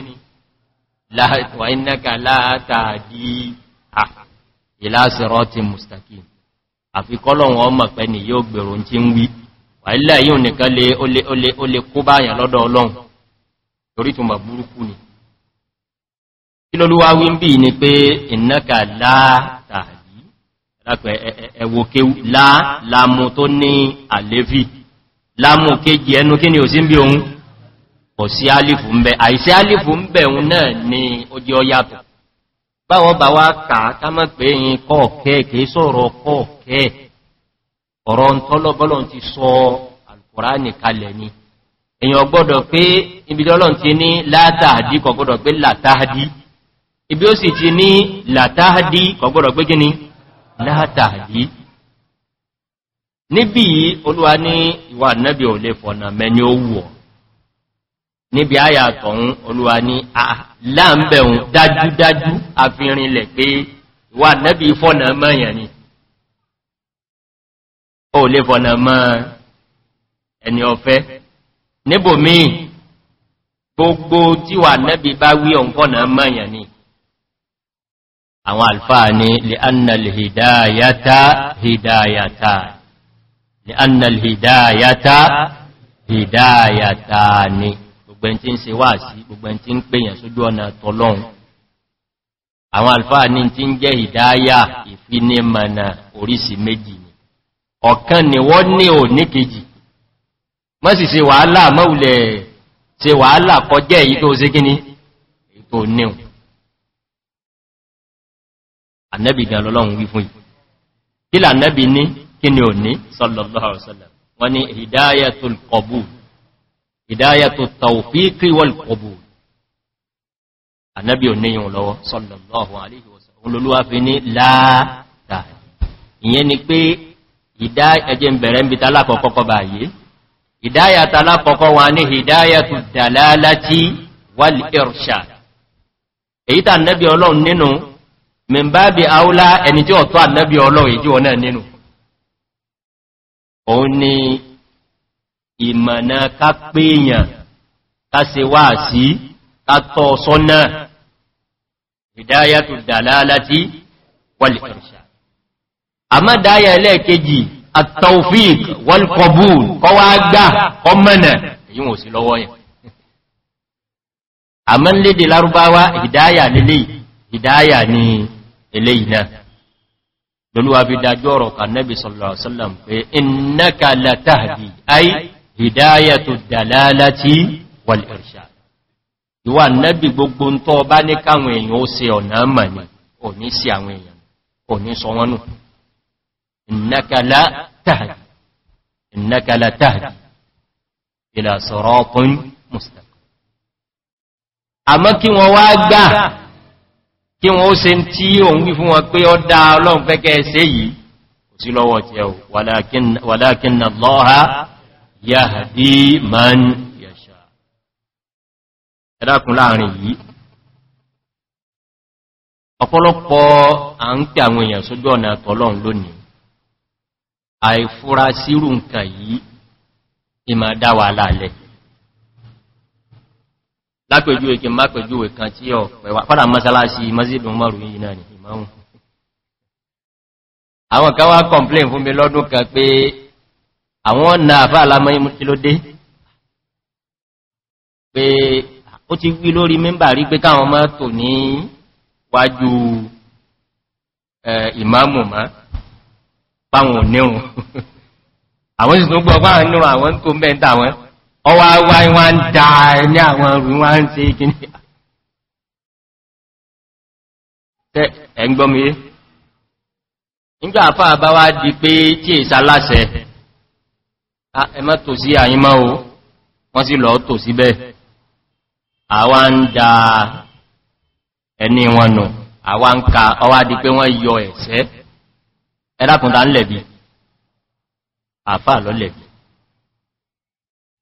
wà ináka látàdí à ìlàsìrọ́ ti mustaki àfikọ́lọ̀wọ̀n ọmọ pẹ́ ni yóò gbèrò tí ń wí wà ilẹ̀ yíò nìkan lè kó báyàn lọ́dọ̀ ọlọ́run torí burúkú ni ìlọ́lúwà wí ń bí ní pé ìnáka látàrí lápẹ̀ ẹ̀wò kéwú láàmù tó ní àléfì láàmù kéjì ẹnu kí ni ò sí ń bí ohun kò sí álìfù ń bẹ àìsí álìfù ń bẹ ohun náà ni ó jẹ́ ọyàtọ̀ báwọn bá wá kà ká mọ́ pé yìn kọ́ọ̀kẹ́ kìí sọ̀rọ̀ kọ́ọ̀kẹ́ ọ̀rọ̀ ń tọ́lọ́bọ́lọ́ ti sọ alkùránì kalẹ̀ èyàn gbọ́dọ̀ pé ibi tọ́lọ́ ti ní látàdí kọ̀gbọ́dọ̀ pé látàdí ibi ó sì ti ní látàádí kọgbọ́dọ̀ pé gíní látàádí níbi yìí olúwa ní ìwà nẹ́bí ò lè fọ̀nà mẹ́ni ó wù ọ́ níbi ayàtọ̀un olúwa ní láàmbẹ̀un dájúdájú àfihànlẹ̀ pé ìwà nẹ́bí fọ̀nà mẹ́yàn ni ó lè fọ̀nà mọ́ ẹni ọ̀fẹ́ níbòmí gbogbo tíwà nẹ́bí bá wí ọ̀nkọ́nà mẹ́yàn ni àwọn alfáà ni li'annal hidayata hidayata ni gbogbo ẹn tí ń se wá sí gbogbo ẹn tí ń pèyàn sójú ọ̀nà tọ́lọ́un àwọn alfáà ní tí ń jẹ́ hidaya ìfinimọ̀nà orísi méjì ni ọ̀kan ni wọ́n ní ò ní kejì mọ́ sì se wàhálà mọ́ulẹ̀ se wàhálà kọjẹ́ èyí tó sé gíní èyí níhùn annabi gan lọ́lọ́run wí fún yìí kí là annabi ní kí ni ò ní sallallahu alaihi wasallam wọ́n ni hidayatul qabul hidayatut tawfiqi wal qabul annabi ò ní yìí lọ́wọ́ sallallahu alaihi wasallam olólúwà fi ní láàtà ìyẹn ni pé ìdá ẹjẹ́ wal irshad èyí tà nẹ́bí ọlọ́run nínú mẹ́bàbí àúlá ẹni tí ọ̀tọ́ ànẹ́bí ọlọ́run ìjú ọ̀nà nínú òun ni ìmọ̀nà ká péèyàn ká se wá sí kátọ́ sọ́nà ìdáyàtò dàlálátí wàlìkọ̀ṣà àmọ́dáyà ẹlẹ́ẹ̀kejì àtàufíìk wàlìkọ̀bùn kọwà gbà kọmọ̀nà èyí wọ́n sí lọ́wọ́ yẹn àmọ́ lédè lárúbáwá ìdáyà eléyìí náà lolúwa fi dájọ́ ọ̀rọ̀ kanẹ́bì sọ̀lọ̀sọ́lọ̀m pé innaka la tahdi ay hidayatu dalalati wal irshad ìwà nẹ́bì gbogbo ń tọ́ bá ní káwọn èèyàn ó se ọ̀nà mọ̀ ní kò ní sí àwọn èèyàn kò sọ wọn nù innaka la kí wọ́n ó se ń tí òun wí fún wọn pé ọ dá ọlọ́run pẹ́kẹ́ ẹsẹ́ yìí kò sí lọ́wọ́ tí ẹwù wàlákin lọ́ha yàdí man yàṣà ẹ̀dàkùn láàrin yìí ọ̀pọ̀lọpọ̀ à ń pẹ àwọn èèyàn sójú ọ̀nà àtọ́lọ́run lónìí àìfúra nǹkan yìí lápẹjú èkè má pẹjú èkàn tí ọ pẹ̀wà padà mọ́sálásí masjidun márùn yìí náà ni ìmáhùn àwọn kan wá complain fún mi lọ́dún kan pé àwọn na àfá alamọ́yí mú kí ló dé pé ó ti wí lórí mẹ́mbà rí pé káwọn má tò ní wájú ìmáàmù má báwọn onírun àwọn ìsìnkú ọgbà nínú àwọn tó mẹ́ta wọn ọwà wà wọ́n ń dà ní àwọn ọrùn wọ́n ń tí kí ní ẹgbọ́mìí nígbà àfáà bá wá di pé tí èsà láṣẹ ẹmọ́ tò sí àyímọ́ o wọ́n sì lọ tò síbẹ̀ àwa ń da ẹni wọn nù àwa ń ka ọwá di pé wọ́n yọ ẹ̀ṣẹ́ ẹlákùnta ń lẹ̀bi àfáà lọ lẹ̀bi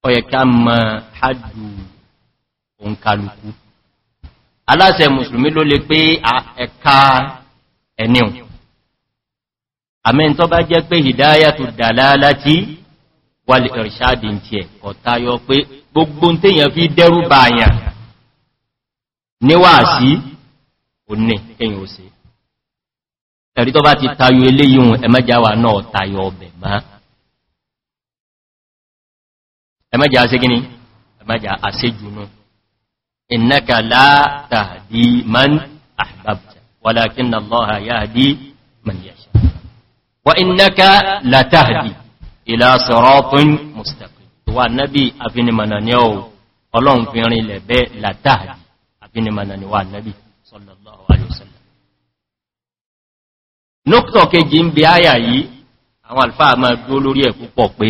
ọyẹ ká mọ̀ hajjù òǹkàlùkù aláṣẹ mùsùlùmí ló lè pé ẹ̀ka ẹ̀nìyàn àmẹ́ntọ́ bá jẹ́ pé hidayatu dalalati wal irshadi ń tiẹ̀ ọ̀tayọ pé gbogbo tèèyàn fi dẹ́rù báyàn níwàásí òní èyàn ò sí ẹ̀rí tó bá ti tayọ eléyìn ẹ̀mẹ́jáwà náà tayo ọbẹ̀ máa ẹmẹ́jà aṣegíní ẹmẹ́jà aṣejùnú innaka la tahdi man ahbabta walakinna allaha yahdi man yasha wa innaka la tahdi ila siratin mustaqim wa nabi afinimana ni o ọlọ́run fi rin ilẹ̀ bẹ́ la tahdi afinimana ni wa nabi sallallahu alaihi wasallam nukto kejì ń bi aya yìí àwọn alfa ma dúró lórí ẹ̀ púpọ̀ pé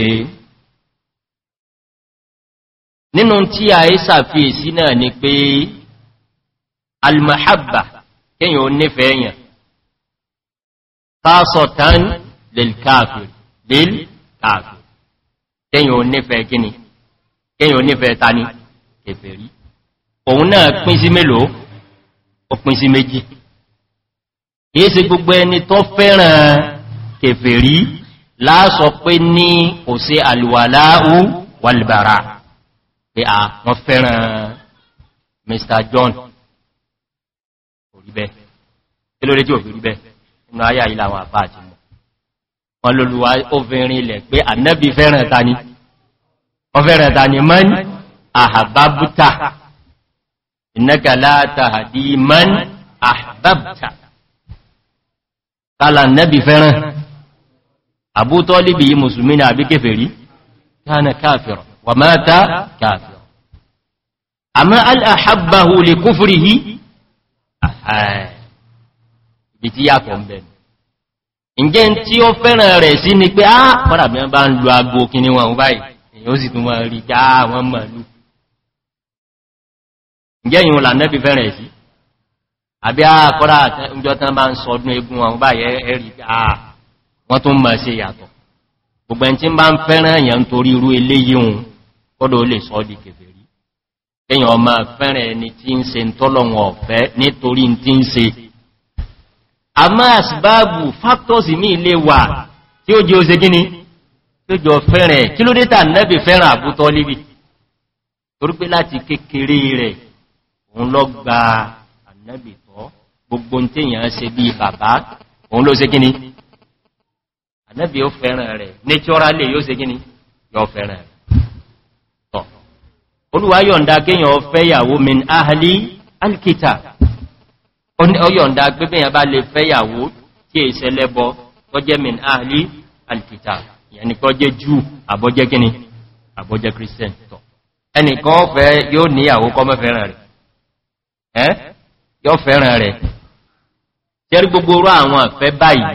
nínú tí a yí sàfíèsí náà ni pé almahabba kíyàn ó nífẹ̀ẹ́ èyàn fásọ̀tán lèlkàfì lèlkàfì kíyàn ó nífẹ̀ẹ́ gíní kíyàn ó nífẹ̀ẹ́ tani kèfèrí òun náà pín sí mélòó ó pín sí méjì kìí sí gbogbo ẹni tó fẹ́ràn kèfèrí láàsọ pé ní kò sí alwàláhù pé à wọ́n fẹ́ràn mr john oríbẹ́ kí ló rí tí ò fi rí bẹ́ inú ayá ilá àwọn àfá àti mọ̀ wọ́n lóluwá obìnrin ilẹ̀ pé ànẹ́bí fẹ́ràn tani ọfẹ́ràn tani mọ́n àhàbábútà ìnẹ́gàláta àdí mọ́n àhàbábútà tààlà ànẹ́bí fẹ́ràn àbútọ́líbì yí mùsùlùmí ní àbíkẹfẹ̀ wa mata kafir amma al'ahabbahu li kufrihi eh, ibi tí yàtọ̀ ń bẹ̀ ǹjẹ́ tí ó fẹ́ràn rẹ̀ sí ni pé á kọ́nà bí wọ́n bá ń lo agbo kíní wọn báyìí èyí ó sì tún wọ́n rí já wọn mọ̀lú ǹjẹ́ yìí wọn lànẹ́bí fẹ́ràn sí àbí á kọ́nà ìjọ tán bá ń sọdún egun wọn báyìí wọ́n tún mọ̀ sí yàtọ̀ gbogbo ẹni tí ń bá ń fẹ́ràn èèyàn torí irú eléyìí kọ́dọ̀ ó lè sọ di kèfèrí èyàn ọmọ fẹ́rẹ̀ ẹni tí ń se tọ́lọ̀wọ̀n ọ̀fẹ́ nítorí tí ń se a máa síbáàbù factors ní ilé wà tí ó jẹ́ oṣe gíní tí ó jọ fẹ́rẹ̀ kí ló dé tà nẹ́bì àbútọ́ líbi torípé láti kékeré rẹ̀ òun lọ gba ànẹ́bì tọ́ gbogbo tíyàn se bí bàbá òun ló se gíní ànẹ́bì ó fẹ́ràn rẹ̀ naturally yóò se gíní yóò fẹ́ràn rẹ̀ olúwa yọ̀nda kéyàn ọfẹ́ yàwó min ahli alkitab ọyọ̀nda gbẹ́gbẹ́yàn bá lè fẹ́ yàwó tí è sẹlẹ́bọ tó jẹ́ min ahli alkitab yàní kọ́ jẹ́ jù àbọ́jẹ́ kíní àbọ́jẹ́ christian tọ̀ ẹnìkan ọfẹ́ yóò níyàwó kọ́ mẹ́fẹ́ràn rẹ̀ ẹ́ yóò fẹ́ràn rẹ̀ jẹ́rí gbogbo orú àwọn àfẹ́ báyìí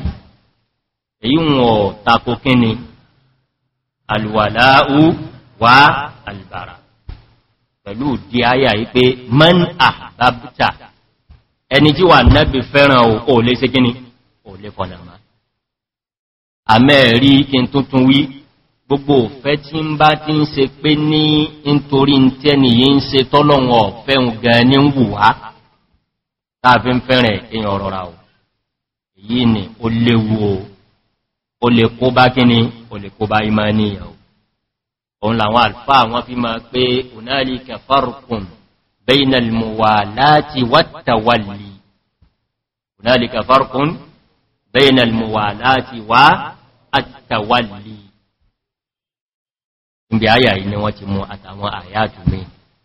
èyí pẹ̀lú òdí ayà yìí pé man àbábítà ẹni tí wà nẹ́bì fẹ́ràn ò lè ṣe kíní ò lè kọ̀nà má àmẹ́rí kí n tuntun wí gbogbo òfẹ́ tí ń bá ti ń ṣe pé ní nítorí tẹ́ni yí ń ṣe tọ́lọ̀wọ̀n ọ̀fẹ́hùn ni ó léwu o ó òun làwọn alfa wọn fi máa pé onáàlìkà farukun bainal muwalati wattawalli onáàlìkà farukun bainal muwalati wa attawalli ibi àyà yìí ni wọ́n ti mú àtàwọn àyàtù mi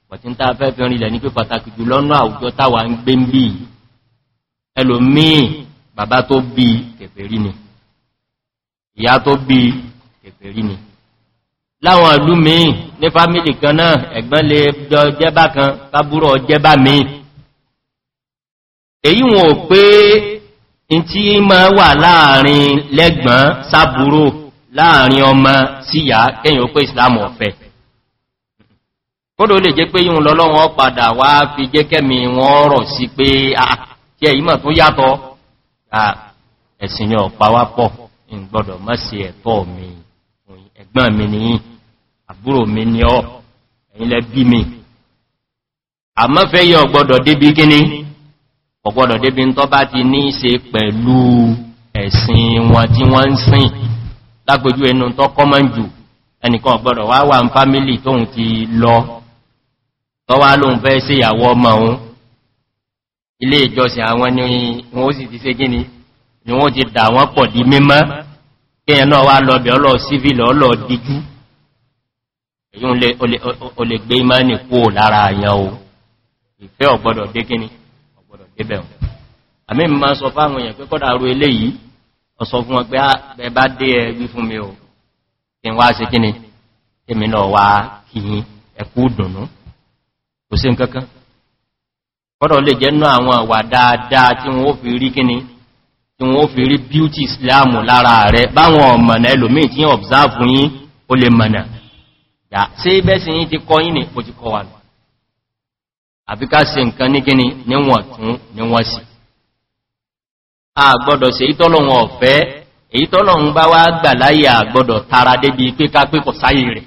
pàtí ń tàà fẹ́ fi rìnlẹ̀ ní pé pàtàkì ìyá tó bí kèfèrí ni láwọn ìlú míì ní fámílì kan náà ẹ̀gbọ́n lè jọ jẹ́bá kan kábúrò jẹ́bá míì èyí wọn ò pé in tí ma wà láàrin lẹ́gbọ́n sábúrò láàrin ọmọ síyà kẹ́yìn ó pé ìsìlámù ọ̀fẹ́ kódò lè jẹ́ pé yíò lọ́lọ́wọ́ padà wá fi jẹ́ kẹ́mi wọn rọ̀ sí pé àti èyí mọ̀ tó yàtọ̀ ẹ̀sìn yọ pàwápọ̀ ìgbọ́dọ̀ mọ́ sí ẹ̀tọ́ mi ẹ̀gbọ́n mi nìyí àbúrò mi ni ọ́ ẹ̀yìn lẹ bí mi àmọ́ fẹ́ yẹ ọgbọ́dọ̀ débi gíní ọgbọ́dọ̀ débi ń tọ́ bá ti ní ṣe pẹ̀lú ẹ̀sìn wọn tí wọ́n ń sìn lágbójú ẹnu tọ́ kọ́mọ̀n jù ẹnìkan ọgbọ́dọ̀ wá wà ń fámílì tóhun ti lọ tọ́wá lóhun fẹ́ sí ìyàwó ọmọ òun ilé ìjọsìn àwọn ni wọ́n sì ti ṣe gíní ni wọ́n ti dà wọ́n pọ̀ di mímọ́ kéèyàn náà wá lọ bẹ̀ ọlọ́ sífìlì ọlọ́ díjú èyí o lè gbé ìmáni kó lára àyàn o ìfẹ́ ọ̀gbọ́dọ̀ dé kíní ọ̀gbọ́dọ̀ débẹ̀ wọn àmì ma sọ fáwọn èèyàn pé kọ́dà ro ilé yìí ọ̀sọ fún wọn pé ah, ẹ bá dé ẹgbí fún mi o kí n wá sí kíní èmi náà wá kìyìn ẹkú dùnnú kò sí nkankan kọ́dọ̀ lè jẹ́ náà àwọn àwà dáadáa tí wọ́n fi rí kíní tí wọ́n fi rí beauty islam lára rẹ̀ báwọn ọ̀mọ̀nà ẹlòmíì tí observe yín ó lè mọ̀nà yà sí bẹ́sì yí ti kọ́ yínì kò ti kọ́ wà lọ àbí ká ṣe nǹkan ní gíní níwọ̀n tún níwọ̀n sí a gbọ́dọ̀ ṣe ìtọ́lọ̀wọ̀n ọ̀fẹ́ èyí tọ́lọ̀un bá wá gbà láyé a tara débi pé ká pé kọ̀ sáyé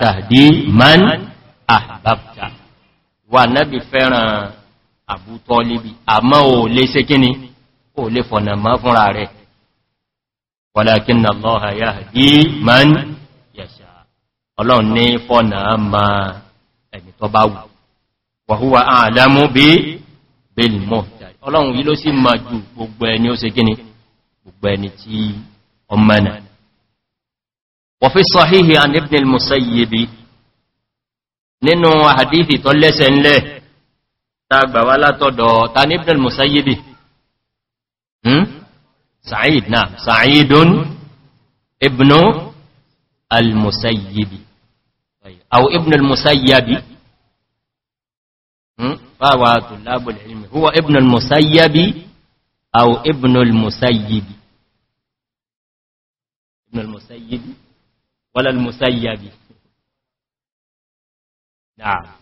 tahdi man ahbabta wà nábi fẹ́ràn Abu Talibi àmọ́ ò lè ṣe kíní ò lè fọ̀nà mọ́ fúnra rẹ̀ man ọlọ́run ní fọ́nà ma ẹ̀mì tó bá wù wàhúwà àdámú bí bílmọ̀ ọlọ́run yí ló sì ma jù gbogbo ẹni ó se gíní gbogbo ẹni tí ọmọnà wọ̀fí sọ̀híhì an ibn al-musayyibi nínú àdífì tó lẹ́sẹ̀ ńlẹ̀ tàgbàwà أو ابن المسيب فهو طلاب العلم هو ابن المسيب أو ابن المسيب ابن المسيب ولا المسيب نعم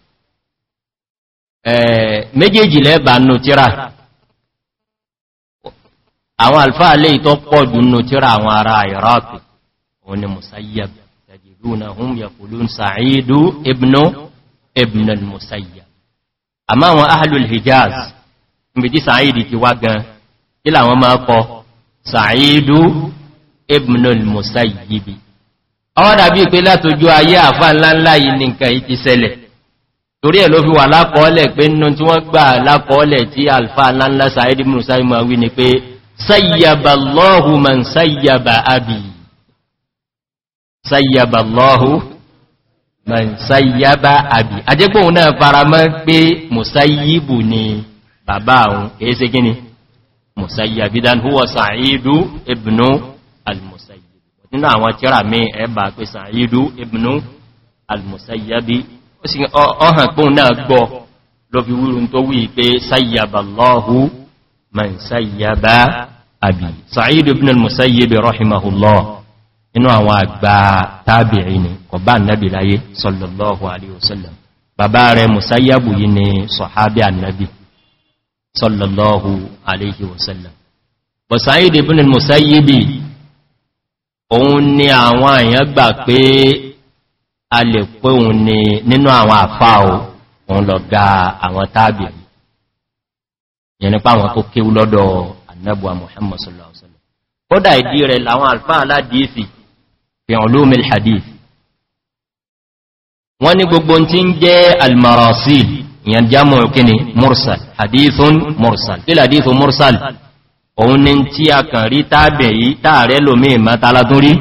اه، méjèèjì lẹ́bà nù tíra àwọn alfáà lè tó pọ̀ jù nù tíra àwọn ará òun ni musayyab yudunahum yaqulun sa'idu ibnu ibn al-musayyab àmá àwọn ahlul hijaz níbi tí sa'idi ti wá gan tí làwọn máa kọ sa'idu ibn al-musayyib ọwọ́ dàbí pé látojú ayé àfá ńláńlá yìí ní nǹkan yìí ti ṣẹlẹ̀ torí ẹ̀ ló fi wà lákọọ́lẹ̀ pé nínú tí wọ́n gbà lákọọ́lẹ̀ tí alfa ńláńlá sa'idi ibn al wí ni pé sayyaba allahu man sayyaba abi sayyaba lọ́hu man sayyaba àbì ajẹ́gbóhun náà faramọ́ pé musayyibu ni bàbá àwọn èése gíní musayyabidan huwa sa'idu ibnu al-musayyib nínú àwọn tíra mi ẹba pé sa'idu ibnu al-musayyabi ó sì ọ̀hàn pún náà gbọ́ ló fi wúrun tó wí pé sayyaba lọ́hu man sayyaba àbì sa'idu ibnu al-musayyib rahimahullah inú àwọn àgbà tábìrì ni ọba annabi láyé sallallahu alaihi wasallam bàbá rẹ̀ musayyabu yìí ni sọ̀hábí annabi sallallahu alaihi wasallam bọ̀sáyìd ibn musayyibi òun ni àwọn èèyàn gbà pé a lè pé òun ni nínú àwọn àfá o òun lọ ga kódà ìdí rẹ̀ làwọn alfáà aládìífì ìrànlómi hadith wọ́n ní gbogbo tí ń jẹ́ almarasil ìyàn jámọ̀ kíni mursal hadithun mursal fíl hadithun mursal òun ni tí a kàn rí tábẹ̀ yìí táàrẹ lómi ìmátàlátúrí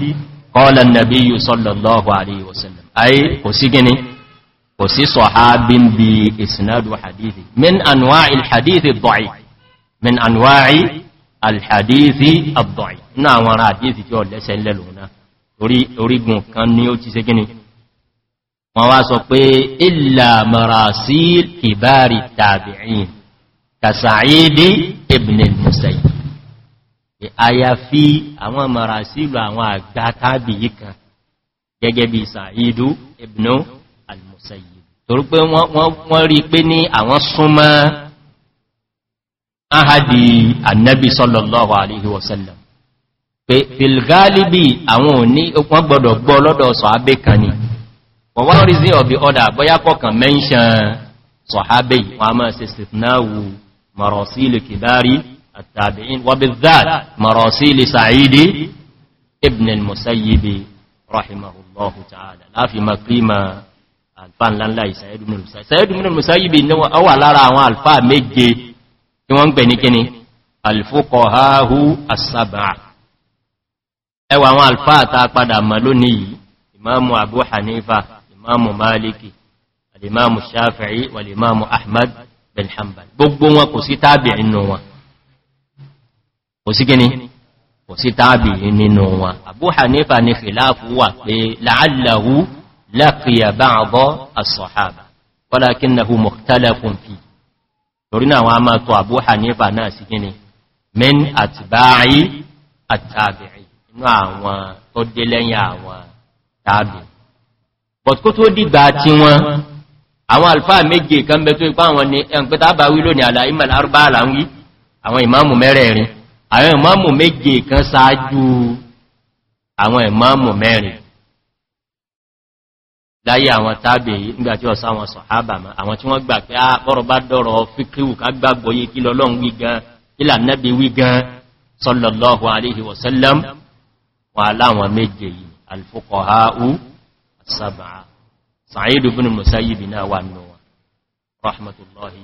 kọ́lá nàbí yìí sọ́lọ̀lọ́wọ́ àríwọ̀sẹ̀lẹ̀ ayé kò sí kíni kò sí sọ̀hábín bí ìsinádù hadithi min anwa'i alhadithi orígun kan ní ó ti ṣe gíní wọ́n wá sọ pé ìlà marasil ìbárí tàbí'in kàsàídí ibn musayi àyàfí àwọn marasilu àwọn àgbà tàbí yìí kan gẹ́gẹ́ bí sàídú ibn al-musayi torí pé wọ́n rí pé ní àwọn súnmọ́ pé filgalibi àwọn òní wọ́n gbọ́dọ̀ gbọ́ lọ́dọ̀ sọ̀hábé kan ni for one reason or the other bóyá kọkàn mention sọ̀hábé wọ́n a máa se sifnawu marosili kibari àtàbíin wabizad marosili sa'idi ibn al-musayyibi rahimahullahu ta'ala láfi makima alfa ńláńlá ìsàyẹ́dùmínú musayyibi ẹwà àwọn alfáà ta padà mọ̀ lónìí yìí imamu abu hanifa imamu maliki alimamu shafi'i walimamu ahmad bin hanbal gbogbo wọn kò sí tábì inú wọn kò sí gini kò sí tábì nínú wọn abu hanifa ni khilafu wà pé la'allahu laqiya ba'dha as-sahaba walakinahu mukhtalafun fi torí náà wọn a máa tọ abu hanifa náà sí gini min atba'i at ní àwọn tó dé lẹ́yìn àwọn tààdù but kó tó dìgbà tí wọ́n àwọn alfa méje kan bẹ tó ipá àwọn ni ẹnkẹta bá wí lónìí àlà ìmọ̀ àrùbá àlàwí àwọn ìmáàmù mẹ́rẹ̀ẹ̀rin àwọn ìmáàmù méje kan sáájú àwọn ìmáàmù mẹ́rin láyé àwọn tàbí nígbàtí ọ̀sá wọn sọ̀hábà ma àwọn tí wọ́n gbà pé á ah, bọ́rọ̀ bá dọ́rọ̀ fíkíwù ká gbàgbọ́ yé kí lọ́lọ́run wí gan ilà wí gan sọ́lọ̀lọ́hù aléhì wọn aláwọn méje yìí alfuqaha'u as-sab'a Sa'id ibn Musayyib náà wà nù wọn rahmatullahi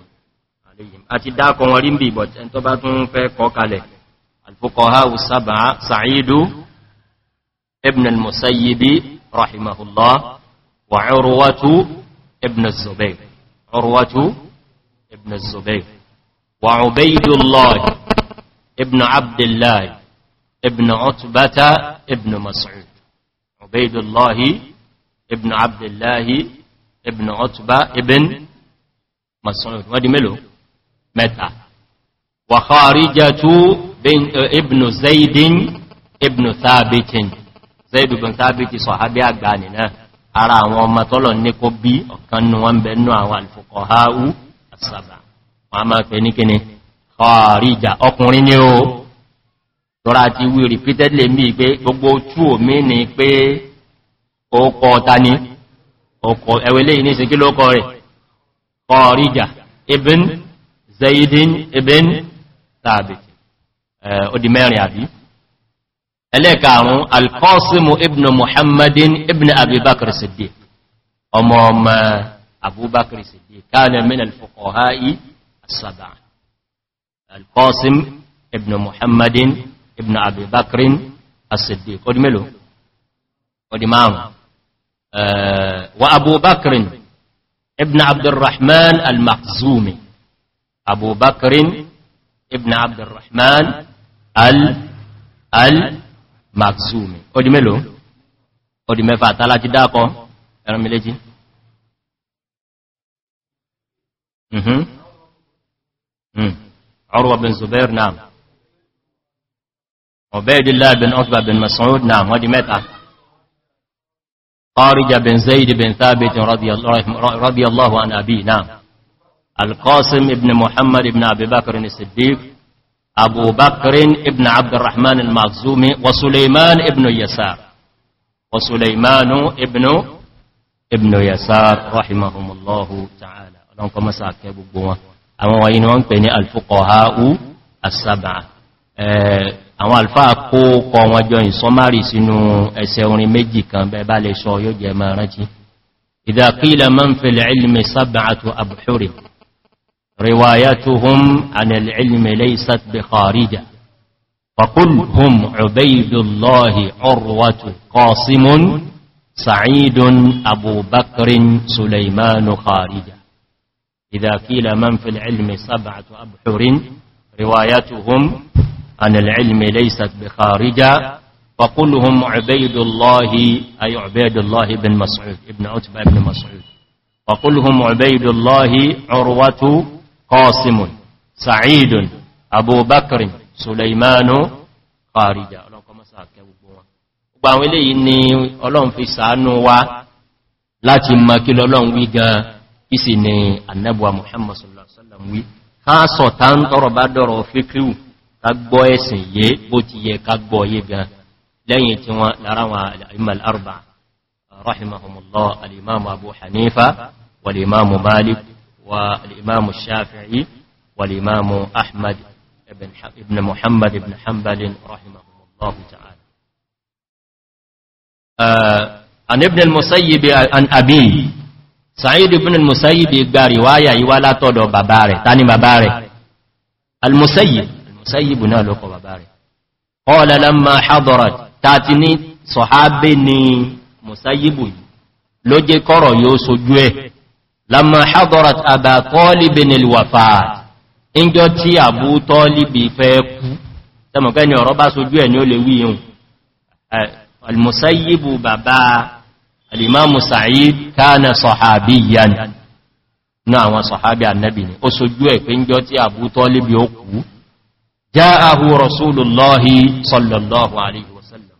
alayhim àti dákọ̀ wọn rí ń bí bọ̀ tẹ́ tó bá tún fẹ́ kọ kalẹ̀ alfuqaha'u as-sab'a Sa'id ibn al-Musayyib rahimahullah wa Urwatu ibn zubayr Urwatu ibn zubayr wa Ubaydullah ibn Abdillah ibn utbata ibn mas'ud ubaydullah ibn abdullah ibn utba ibn mas'ud wadi melo mẹ́ta wa kharijatu bin eh, ibn zaid ibn thabit zaid ibn thabit sahabi àgbà ni na ara àwọn ọmọ tolo ni ko bi ọ̀kan nu wọn be nu àwọn alfuqaha asaba wa ma pe ni kini kharija ọkùnrin ni o tọ́ra ti wí repeatedly mí pé gbogbo tú omi ni pé ọkọ̀ ọ̀ta ni ọkọ̀ ẹwẹ́lẹ́ ìní sí kí ló kọ rẹ̀ ọ̀ríjà ibn zaidin ibn tàbí ọdí mẹ́rin àbí ẹlẹ́kàrún alkọ́símù ibn muhammadin ibn abubakar siddiq ọmọ ọmọ abubakar siddiq káàlẹ̀ min alfukọ̀há ibn muhammadin ibn abi bakrin as-siddiq odi mélòó odi márùn wa abu bakrin ibn abdurrahman al-makhzumi abu bakrin ibn abdurrahman al-makhzumi al odi mélòó odi mẹ́fà tààlá ti dákọ ẹran mhm ọrọ̀ bin zubair náà عبيد الله بن عتبة بن مسعود نعم ودي متى قارجة بن زيد بن ثابت رضي الله, رضي الله عن أبي نعم القاسم بن محمد بن أبي بكر الصديق أبو بكر بن عبد الرحمن المخزومي وسليمان بن يسار وسليمان بن ابن يسار رحمهم الله تعالى لهم كما ساكي بقوة أما وينهم بني الفقهاء السبعة آه، àwọn alfáà kó kọ wọn jọ ìsọmárì sínú ẹsẹ̀ orin méjì kan bẹ bá lè sọ yóò jẹ ma rántí ìdàkílẹ̀ ń mọ́nfẹ̀lẹ̀ ilmi sábàtù àbúhúrì riwayatuhum anil ilmi laysat bi kharija فقل هم عبيد الله عروة قاسم سعيد أبو بكر سليمان خارجة إذا قيل من في العلم سبعة tó hún عن العلم ليست بخارجة وقلهم عبيد الله أي عبيد الله بن مسعود ابن عتبة بن مسعود وقلهم عبيد الله عروة قاسم سعيد أبو بكر سليمان خارجة gbàwọn eléyìí ni ọlọ́run fi sàánú wá láti mọ̀ kí lọ́lọ́run wí gan ìsì ni annabuwa muhammadu sallallahu alaihi wasallam wí ká sọ̀tán tọrọ bá dọ̀rọ̀ fíkíwù kagbọ ẹ̀sìn yé bó ti yẹ kagbọ gbọ́ yé gan lẹ́yìn tí wọ́n lára wọn al'imal arba rahimahumullah al'imamu abu hanifa wal'imamu malik wa al'imamu shafi'i wal'imamu ahmad ibn muhammad ibn hanbalin rahimahumullah ta'ala an ibn al-musayyib an abi sa'id ibn al-musayyib gba riwaya yi wa látọ̀dọ̀ babare tani babare rẹ̀ al-musayyib musayibu náà lọ́kọ̀ bàbá rẹ̀ ọ̀lá lọ́mà ṣàbọ̀rọ̀ tàti ní sọ̀hábé ni musayibu ló jẹ́ kọ́rọ̀ yóò sojú ẹ̀ lọ́mà ṣàbọ̀rọ̀ àbà tọ́líbi nìlwàfà ìjọ tí àbú tọ́líbi fẹ́ kú tẹ́mọ̀kẹ́ ni ọ̀rọ̀ bá sojú ẹ̀ ni ó lè wí yìí àwọn sọ̀hábí annabi ni ó sojú ẹ̀ pé ń jọ tí àbú tọ́líbi ó kú jáàhù rasulullahi sallallahu alaihi wasallam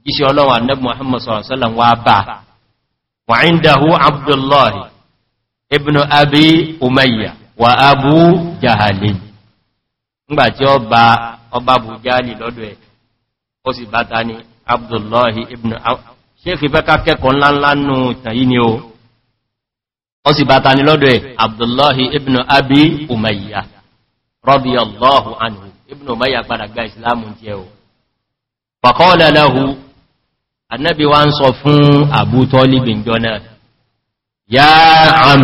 òjíṣẹ́ ọlọ́wà annabi muhammad sallallahu wa bá wa indahu abdullahi ibn abi umayya wa abu jahali ngbàtí ọba ọba bu jahali lọ́dọ̀ ẹ̀ ó sì bá ta ni abdullahi ibn sheikh ibeka kẹ́kọ̀ọ́ ńláńlá nù tàyí ni ó sì bá ta ni lọ́dọ̀ ẹ̀ abdullahi ibn abi umayya radiyallahu anhu ibn umayya padà gba ìsìláàmù jẹ́ o faqala lahu annabi wa ń sọ fún abu tọ́líbin jọna ya am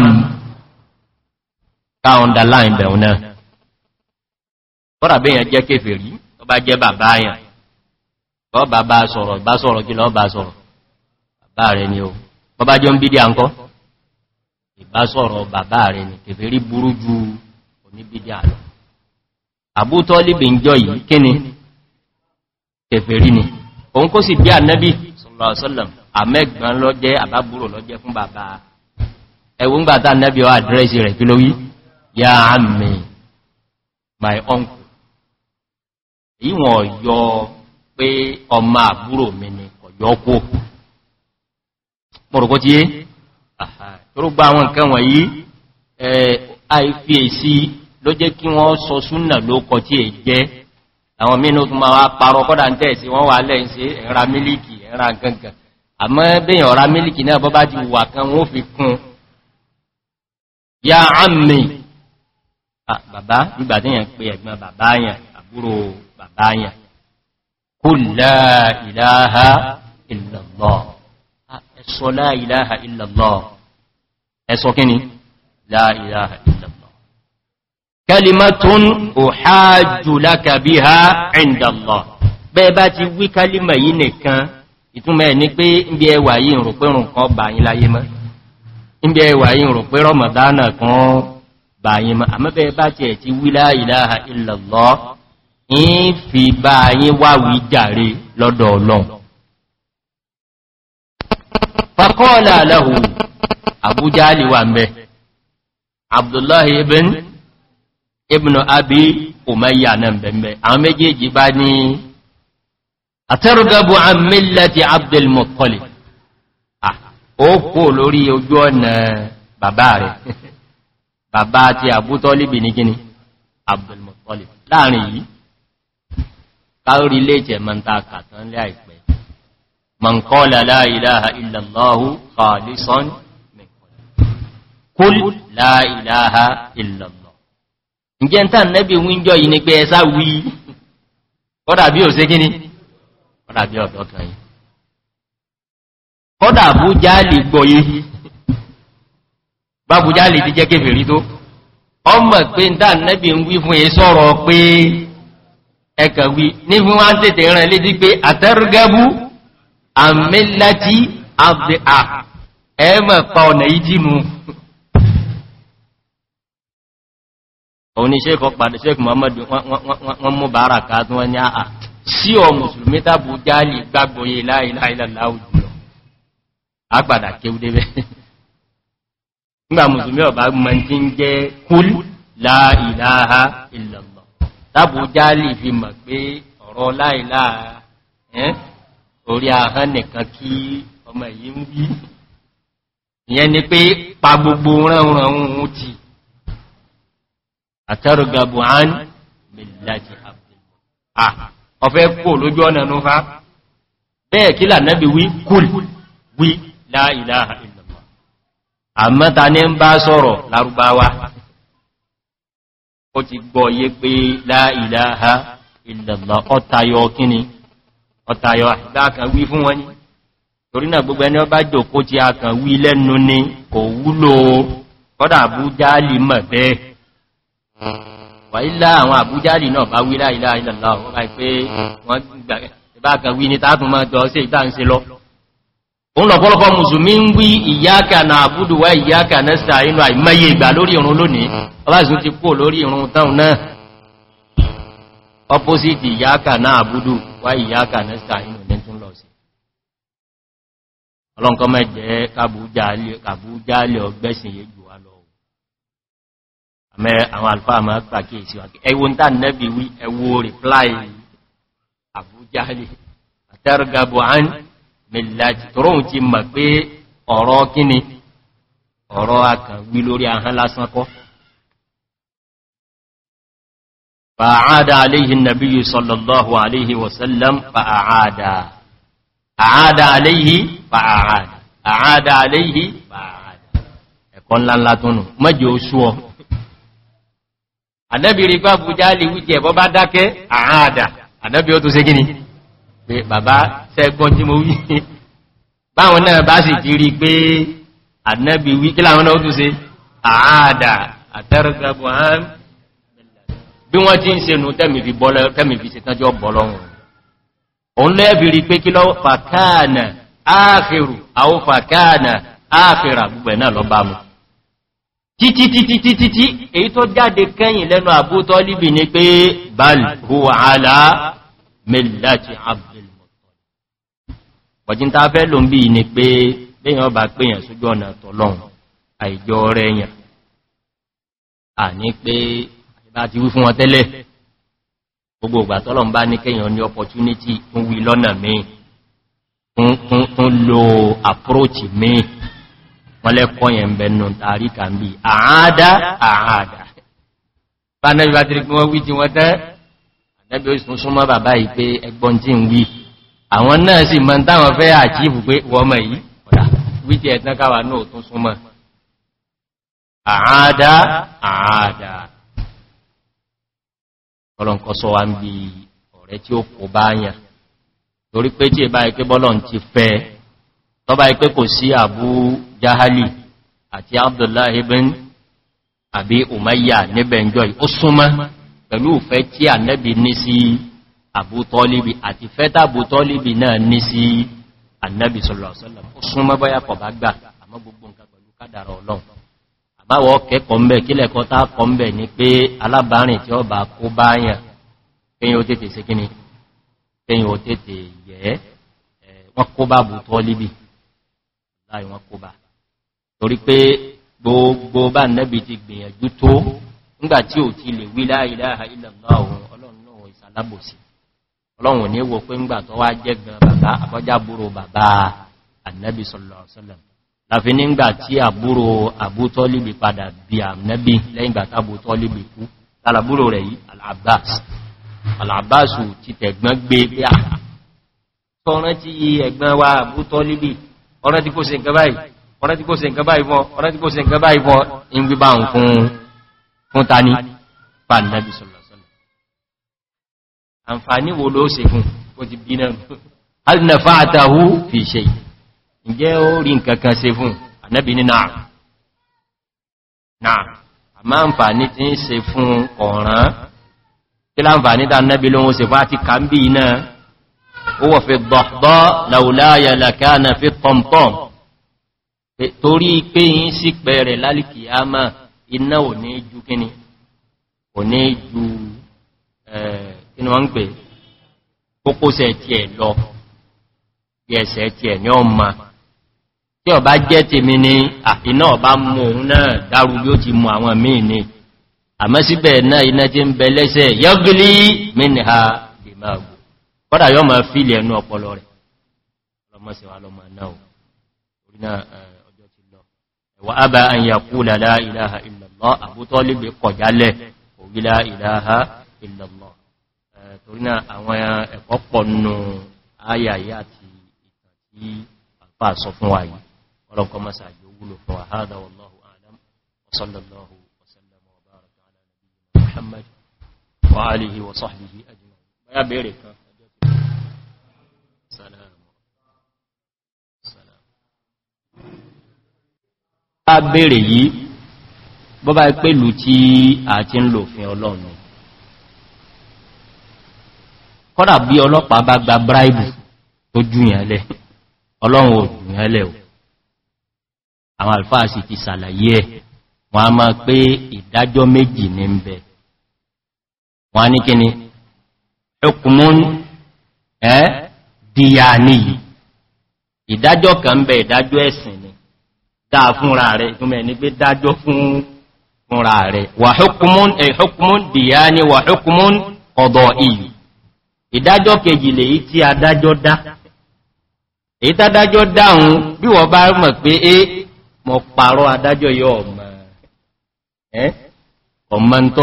ká underline bẹ̀rún náà fọ́ràbíyàn jẹ́ kéfèrí tó bá jẹ́ bàbá yàn bọ́ bàbá sọ̀rọ̀ bá sọ̀rọ̀ kí lọ bá sọ̀rọ̀ bàbá rẹ̀ ni o bọ́ bá jọ ń bídí àǹkọ́ ìbá sọ̀rọ̀ bàbá rẹ̀ ni kèfèrí burú ju oníbídí àlọ́ àbútọ́líbì ń jọ yìí kí ni kèfèrí ni òun kó sì bí ànẹ́bì sọ̀rọ̀sọ́lọ̀m àmẹ́gbọ́n lọ́jẹ́ àbábúrò lọ́jẹ́ fún bàbá ẹ̀wọ́n gbàtà ànẹ́bì ọ àdírẹ́sì rẹ̀ kí ya àmì my uncle èyí wọ́n yọ pé ọmọ àbúrò mi ni ọ̀yọ́ kó mọ̀rọ̀kọ́ tí yé tó ló jẹ́ kí wọ́n sọ súnà ló kọ tí è jẹ́ àwọn mínú tó máa parọ kọ́dà ń tẹ́ẹ̀sí wọ́n wà lẹ́yìn sí ẹ̀ra mílìkì ẹ̀ra gangan àmọ́ bẹ́yàn ọ̀rá mílìkì náà bọ́bá ti wà kan wọ́n fi kún ya àmì bàbá nígbàtíyàn pé ẹ̀gbọ́n bàbá yàn àbúrò bàbá yàn kú láìláha ìlọ̀lọ́ ẹ̀sọ́ láìláha ìlọ̀lọ́ ẹ̀sọ́ kíni láìláha ìlọ̀lọ́ kalimatun òhájúláka bí ha ẹ̀ndàlọ́ bẹ́ẹ̀ bá ti wí kalima yìí nìkan ìtúnmẹ́ ní pé ń bí ẹwà yìí ń rò pé rùn kan bà yín láyé mọ́ ń bí ẹwà yìí ń rò pé rọmọdánà kan bà yín mọ́ àmọ́ bẹ́ẹ̀ bá ti ẹ̀ ti wí la ilaha illallah ń fi bá yín wáwí jàre lọ́dọ̀ ọlọ́run fakọ́ọ̀lá aláhù àbújá lè wà mẹ́ abdullahi ibn ibnu abi umayya náà bẹ̀m̀bẹ̀ àwọn méjèèjì bá ní àtẹ́rùgbẹ́bù amílẹ̀tì abdulmọ̀kọlì ó kó lórí ojú ọ̀nà bàbá rẹ̀ bàbá ti àbútọ́líbì ní gíní abdulmọ̀kọlì láàrin yìí káórí lè jẹ mọ́ta kàtán lé àìpẹ́ mọ̀nkọ́lá láìláha ìlàláhù kàlísọ́n mẹ́kọ̀lá láìláha ìlàláhù ǹjẹ́ ntá nẹ́bí wíńjọ́ yìí ni pé ẹsá wí kọ́dà bí ò sí kí ní kọ́dà bí ọ̀dọ́ kan yìí kọ́dà bú jáàlì gbọ́yé bá bú jáàlì ti jẹ́ kéfèrí tó ọmọ pé ntá nẹ́bí wí fún ẹ sọ́rọ̀ pé ẹkà wí ní fún wá tètè rán létí pé àtẹ́rùgẹ́bú àmìlájí àbẹ̀ òun ni sheik ọ̀pàdé sheik muhammadu wọ́n mú bára ká tí wọ́n ní àà sí ọ musulmi tàbí jáàlì gbàgbòye láìláìláìláìjùlọ agbàdà kéwúdé bẹ́ nígbà musulmi ọ̀bá mọ́ tí ń jẹ́ kúl láìláha ìlọ̀lọ̀ tàbí jáàlì fi mọ̀ pé ọ̀rọ̀ láìláà orí ni pé pa gbogbo ránranrun ti àtẹ́rùgàbù án mìláti àbìlmọ̀. ọ̀fẹ́ kò lójú ọ̀nà ní fa bẹ́ẹ̀ kí lànàbí wí kùl wí láìláha ìlàmà àmọ́ta ní ń bá sọ̀rọ̀ lárúbáwá ó ti gbọ́ yé pé láìláha ìlàmà ọtayọ kíni ọtayọ fún gbogbo ni wàílá àwọn àbújálì náà bá wílá ilá ìlàlá ọ̀rọ̀ bá pé wọ́n gbà kan wí ní tààtùn máa jọ sí ìgbà ń se lọ òun lọ̀pọ̀lọpọ̀ mùsùlùmí ń wí ìyáka na àbúdùwá ìyáka nẹ́sà inú àìmẹ́yẹ ìgbà lórí ìrun lónìí ọlásùn ti kó lórí ìrun táun náà ọpọ́sìtì ìyáka mẹ́ àwọn alfáà máa pàkíyèsí wọn ẹwọ ń tàn nẹ́bí wí ẹwọ rìpláì àbújáàlì àtẹ́rgàbò án mìláàjì tọ́rọ̀hùn ti mọ̀ pé ọ̀rọ̀ kíni ọ̀rọ̀ akàngbí lórí ahán lásán kọ́ fa'ada aléhì nàbíyù sallallahu aléhì wasallam fa'ada a'ada aléhì fa'ada a'ada aléhì ànábì rí bá bujá lè wíjẹ bọ́ bá dákẹ́ àádà ànábì ó tó ṣe gíní pé bàbá sẹ́gbọ́n tí mo wí báwọn náà bá sì ti rí pé ànábì wí kí láwọn náà ó tó ṣe àádà àtẹ́rẹ́gbàbù hàn bí wọ́n ti ń se nù tẹ́mì fi ṣetánjọ́ bọ́ lọ́hùn òun lẹ́ẹ̀bì rí pé kí lọ fàkáànà áàfèrù àwọn fàkáànà áàfèrà gbogbo ẹ̀ náà lọ bá mu títí títí títí tí èyí tó jáde kẹ́yìn lẹ́nu àbútọ́ líbi ni pé bal huwa ala millati Abdul Muttalib wọ̀jín ta fẹ́ ló ń bí ni pé léyàn bá péyàn sójú ọ̀nà tọ́lọ́un àìjọ rẹ̀ à ní pé bá ti wí fún wọn tẹ́lẹ̀ gbogbo opportunity tún wí lọ́nà mi approach mi wọ́n lẹ́kọ́ yẹn bẹnu tààrí kà ń bí àádá àádá bá nẹ́bí bá tìrí pé wọ́n wí tí wọ́n tẹ́ nẹ́bí oṣù súnmọ́ bàbá yìí pé ẹgbọ́n tí ń wí àwọn náà sì mọ́ táwọn fẹ́ àjíìfù pé wọ́mọ̀ yìí ọ̀dá wí tí ẹ̀tán tọ́bá ipé kò sí àbú jahali àti abdullahi ibn àbí umayya níbẹ̀ ìjọ ó súnmọ́ pẹ̀lú ìfẹ́ tí ànẹ́bì ní sí àbútọ́líbi àti fẹ́ta àbútọ́líbi náà ní sí ànẹ́bì sọ̀rọ̀sọ́lọ̀ kéyàn ó tètè sí kíni kéyàn ó tètè yẹ́ wọ́n kó bá bù tọ́ líbi láì wọn kó bá torí pé gbogbo bá nẹ́bí ti gbìyànjú tó ńgbàtí ò ti lè wí la ilaha illallah ọlọ́run náà ìsàlábòsí ọlọ́run ní wo pé ńgbà tó wá jẹ́ gan bàbá àbọ́já búrò bàbá annabi sallallahu alaihi wasallam láfi nígbà tí àbúrò àbútọ́líbi padà bí annabi lẹ́yìn gbà tábútọ́líbi kú tàlàbúrò rẹ̀ yìí al-abbas al-abbas ti tẹ̀gbọ́n gbé pé àtọ́rán ah, tí ẹ̀gbọ́n ọ̀rẹ́ tí kò ṣe nǹkan báyìí ọ̀rẹ́ tí kò ṣe nǹkan báyìí fún ọ̀rẹ́ tí kò ṣe nǹkan báyìí fún in gbígbà ń fún fún ta ní bá nẹ́bí sọ̀lọ̀sọ̀lọ̀ àǹfààní wo ló ṣe fún ó ti bí náà alìnàfà àtàhú fi ṣe ǹjẹ́ ó rí nǹkan kan fún ànẹ́bí ní nẹ́bí ló owó fi gbọ̀gbọ́ làúláyà làkánà fi pọ̀mpọ̀m torí pé yí sí pẹ̀rẹ̀ lálìkì a máa iná ò ní ju kíni ò ní ju ẹ̀kínú wọ́n ń pè kókósẹ̀ tí ẹ̀ lọ bí ẹsẹ̀ tí ẹ̀ ní ọmọ tí ọba jẹ́ tèmi ni àfiná ọba mú òun náà dárú bí ó ti mú àwọn míì ni àmọ́ síbẹ̀ náà iná ti ń bẹ lẹ́sẹ̀ yọ́gílí mínìha dìmáàgù kọ́dà yọ́ ma fílì ẹnu ọpọlọ rẹ̀ lọmọ́síwá lọmọ náà orínà ọjọ́ ti lọ ẹ̀wà ábá an yà kú lálá ìlàhà ìlàlọ́ àbútọ́ líbi kọjálẹ̀ ògílá ìlàhà ìlàlọ́ torínà àwọn ẹ̀kọ́ pọ̀nù ayayi àti wa alihi wa sahbihi ajma'in baya bere kan a bèèrè yìí bọ́bá pẹ̀lú tí a ti ń lò fún ọlọ́run kọ́dà bí ọlọ́pàá bá gba bíráìbù tó júyànlẹ̀ ọlọ́run ò júyànlẹ̀ ò àwọn alfáà sì ti sàlàyé ẹ̀ wọ́n a máa pé ìdájọ́ méjì ní ń bẹ wọ́n a ní kíni ẹkùnmún ẹ́ díyà níyì ìdájọ́ kan ń bẹ ìdájọ́ ẹ̀sìn dáa fúnra rẹ̀ ìtumẹ̀ ní pé dájọ́ fún fúnra rẹ̀ wà hukumun ẹ̀ e hukumun dìyà ní wà hukumun ọ̀dọ̀ ìyù ìdájọ́ kejì lè yí tí adájọ́ dá èyí tádájọ́ dáhùn bí wọ́n bá mọ̀ pé é mọ̀ pàrọ̀ adájọ́ yọ ọmọ ẹ́ ọmọ tó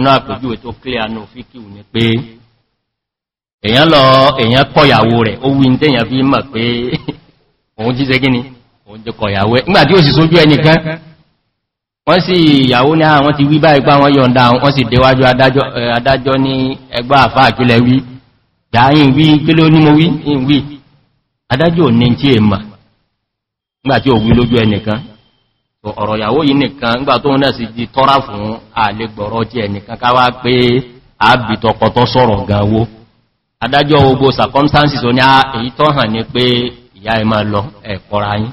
inú àpèjúwe tó clear no fíkíù ni pé èyàn lọ èyàn kọ̀yàwó rẹ̀ ó wí tẹ́yàn fi mọ̀ pé òun jíse gíní òun jẹ kọ̀yàwó ẹ̀ nígbàtí ó sì sójú ẹnìkan wọ́n sì ìyàwó ní àwọn ah, ti wí báyìí pa wọ́n yọ̀nda wọ́n sì déwájú adájọ́ ní ẹgbà àfá wí dáyìn ọ̀rọ̀ ìyàwó yìí nìkan nígbà tó náà sì di tọ́rà fún àlegbọ̀rọ̀ jẹ́ nìkan káwà pé àbìtọ̀kọ̀tọ̀ sọ̀rọ̀ gàwó adájọ́ ogbo circumstances o ní ah, èyí tọ́ hàn ní pé ìyá ẹ lọ ẹ̀kọ́ra yín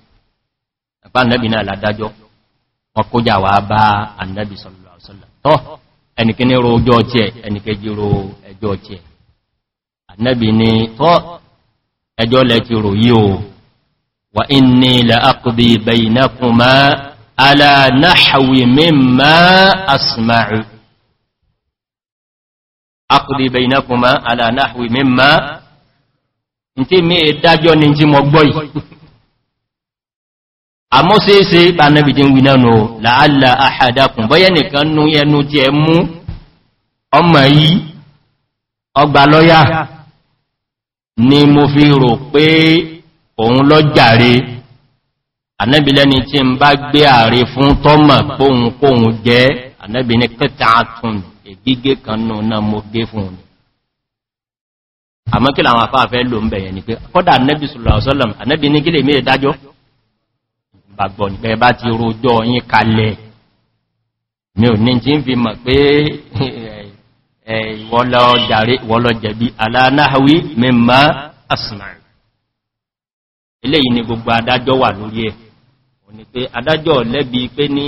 àpá ànẹ́bì náà ládájọ́ wọn kó jà wà bá ànẹ́bì sọ̀lọ̀sọ̀lọ̀ tọ́ ẹnikẹ́ni ro ọjọ́ ọ̀tẹ́ ẹnikẹ́jì ro ẹjọ́ ọ̀tẹ́ ànẹ́bì ni tọ́ ẹjọ́ lẹ ti rò yí o wà inni la aqdi bainakuma ala nahwi mimma asma'u nti mi dájọ́ ni tí mo gbọ́ yìí àmọ́ sí ṣe bá nẹ́bì tí ń wí lẹ́nu láàlá àhàdákùn bọ́yẹ́ nìkan nú ẹnu tí ẹ mú ọmọ yìí ọgbà lọ́yà ni mo fi rò pé òun lọ jàre ànẹ́bì lẹ́ni tí ń bá gbé ààrẹ fún tọ́mà póhun kóhun jẹ́ ànẹ́bì ní kẹta àtún ègígé kan nù náà mo gé fún un àmọ́ kí làwọn afáfẹ́ lò ń bẹ̀yẹ̀ ni pé kọ́dà ànẹ́bì sùlọ̀ ọ̀sọ́lọ̀m ànẹ́bì ní gílè mí ìdájọ́ pàgbọ̀ nígbẹ̀ bá ti rojọ́ yín kalẹ̀ mi ò ní jí ń fi mọ̀ pé ìwọ́lọ́ jẹ̀bi alánáhàwí mímá asìnàrí eléyìí ni gbogbo adájọ́ wà lórí ẹ̀ o ni pé adájọ́ lẹ́bi pé ní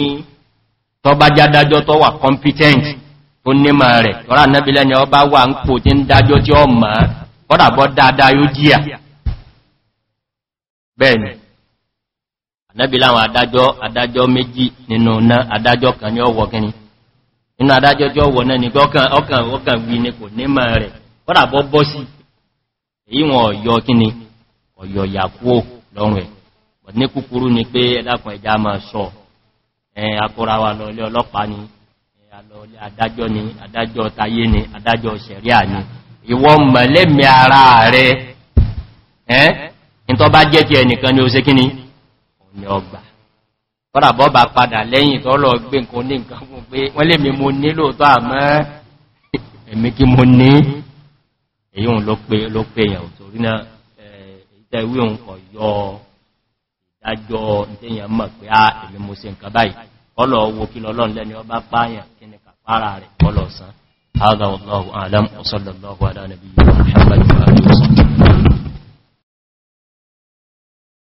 tọ́bájá dájọ́ tọ́ wà competent tó nímọ̀ rẹ̀ tọ́rà nẹ́bílẹ̀ ni ọ bá wà ń pò tí ń dájọ́ tí ọ mọ̀ ọ́ ànábì láwọn adájọ́ adájọ́ méjì nínú náà adájọ́ kan ní ọwọ́ kíní nínú adájọ́ jọ wọ náà ní ọkàn ọkàn wí ní kò ní máa rẹ̀ kọ́nà bọ́ bọ́ sí èyí wọn ọ̀yọ́ kíní ọ̀yọ̀ yàkúò lọ́rùn ẹ̀ but ní ni ma sọ ni ni ni ní ọgbà kọ́dà bọ́bà padà lẹ́yìn tó lọ gbé nǹkan ní nǹkan fún pé wọ́n lè mi mo ní lóòtọ́ àmọ́ èmi kí mo ní èyí òun ló pé ló pé èyàn torí náà ìtẹ́ ìwé òun kọ̀ yọ ìdájọ́ ìtẹ́yàn mọ̀ pé á èmi mo se nǹkan báyìí kọ́lọ̀ owó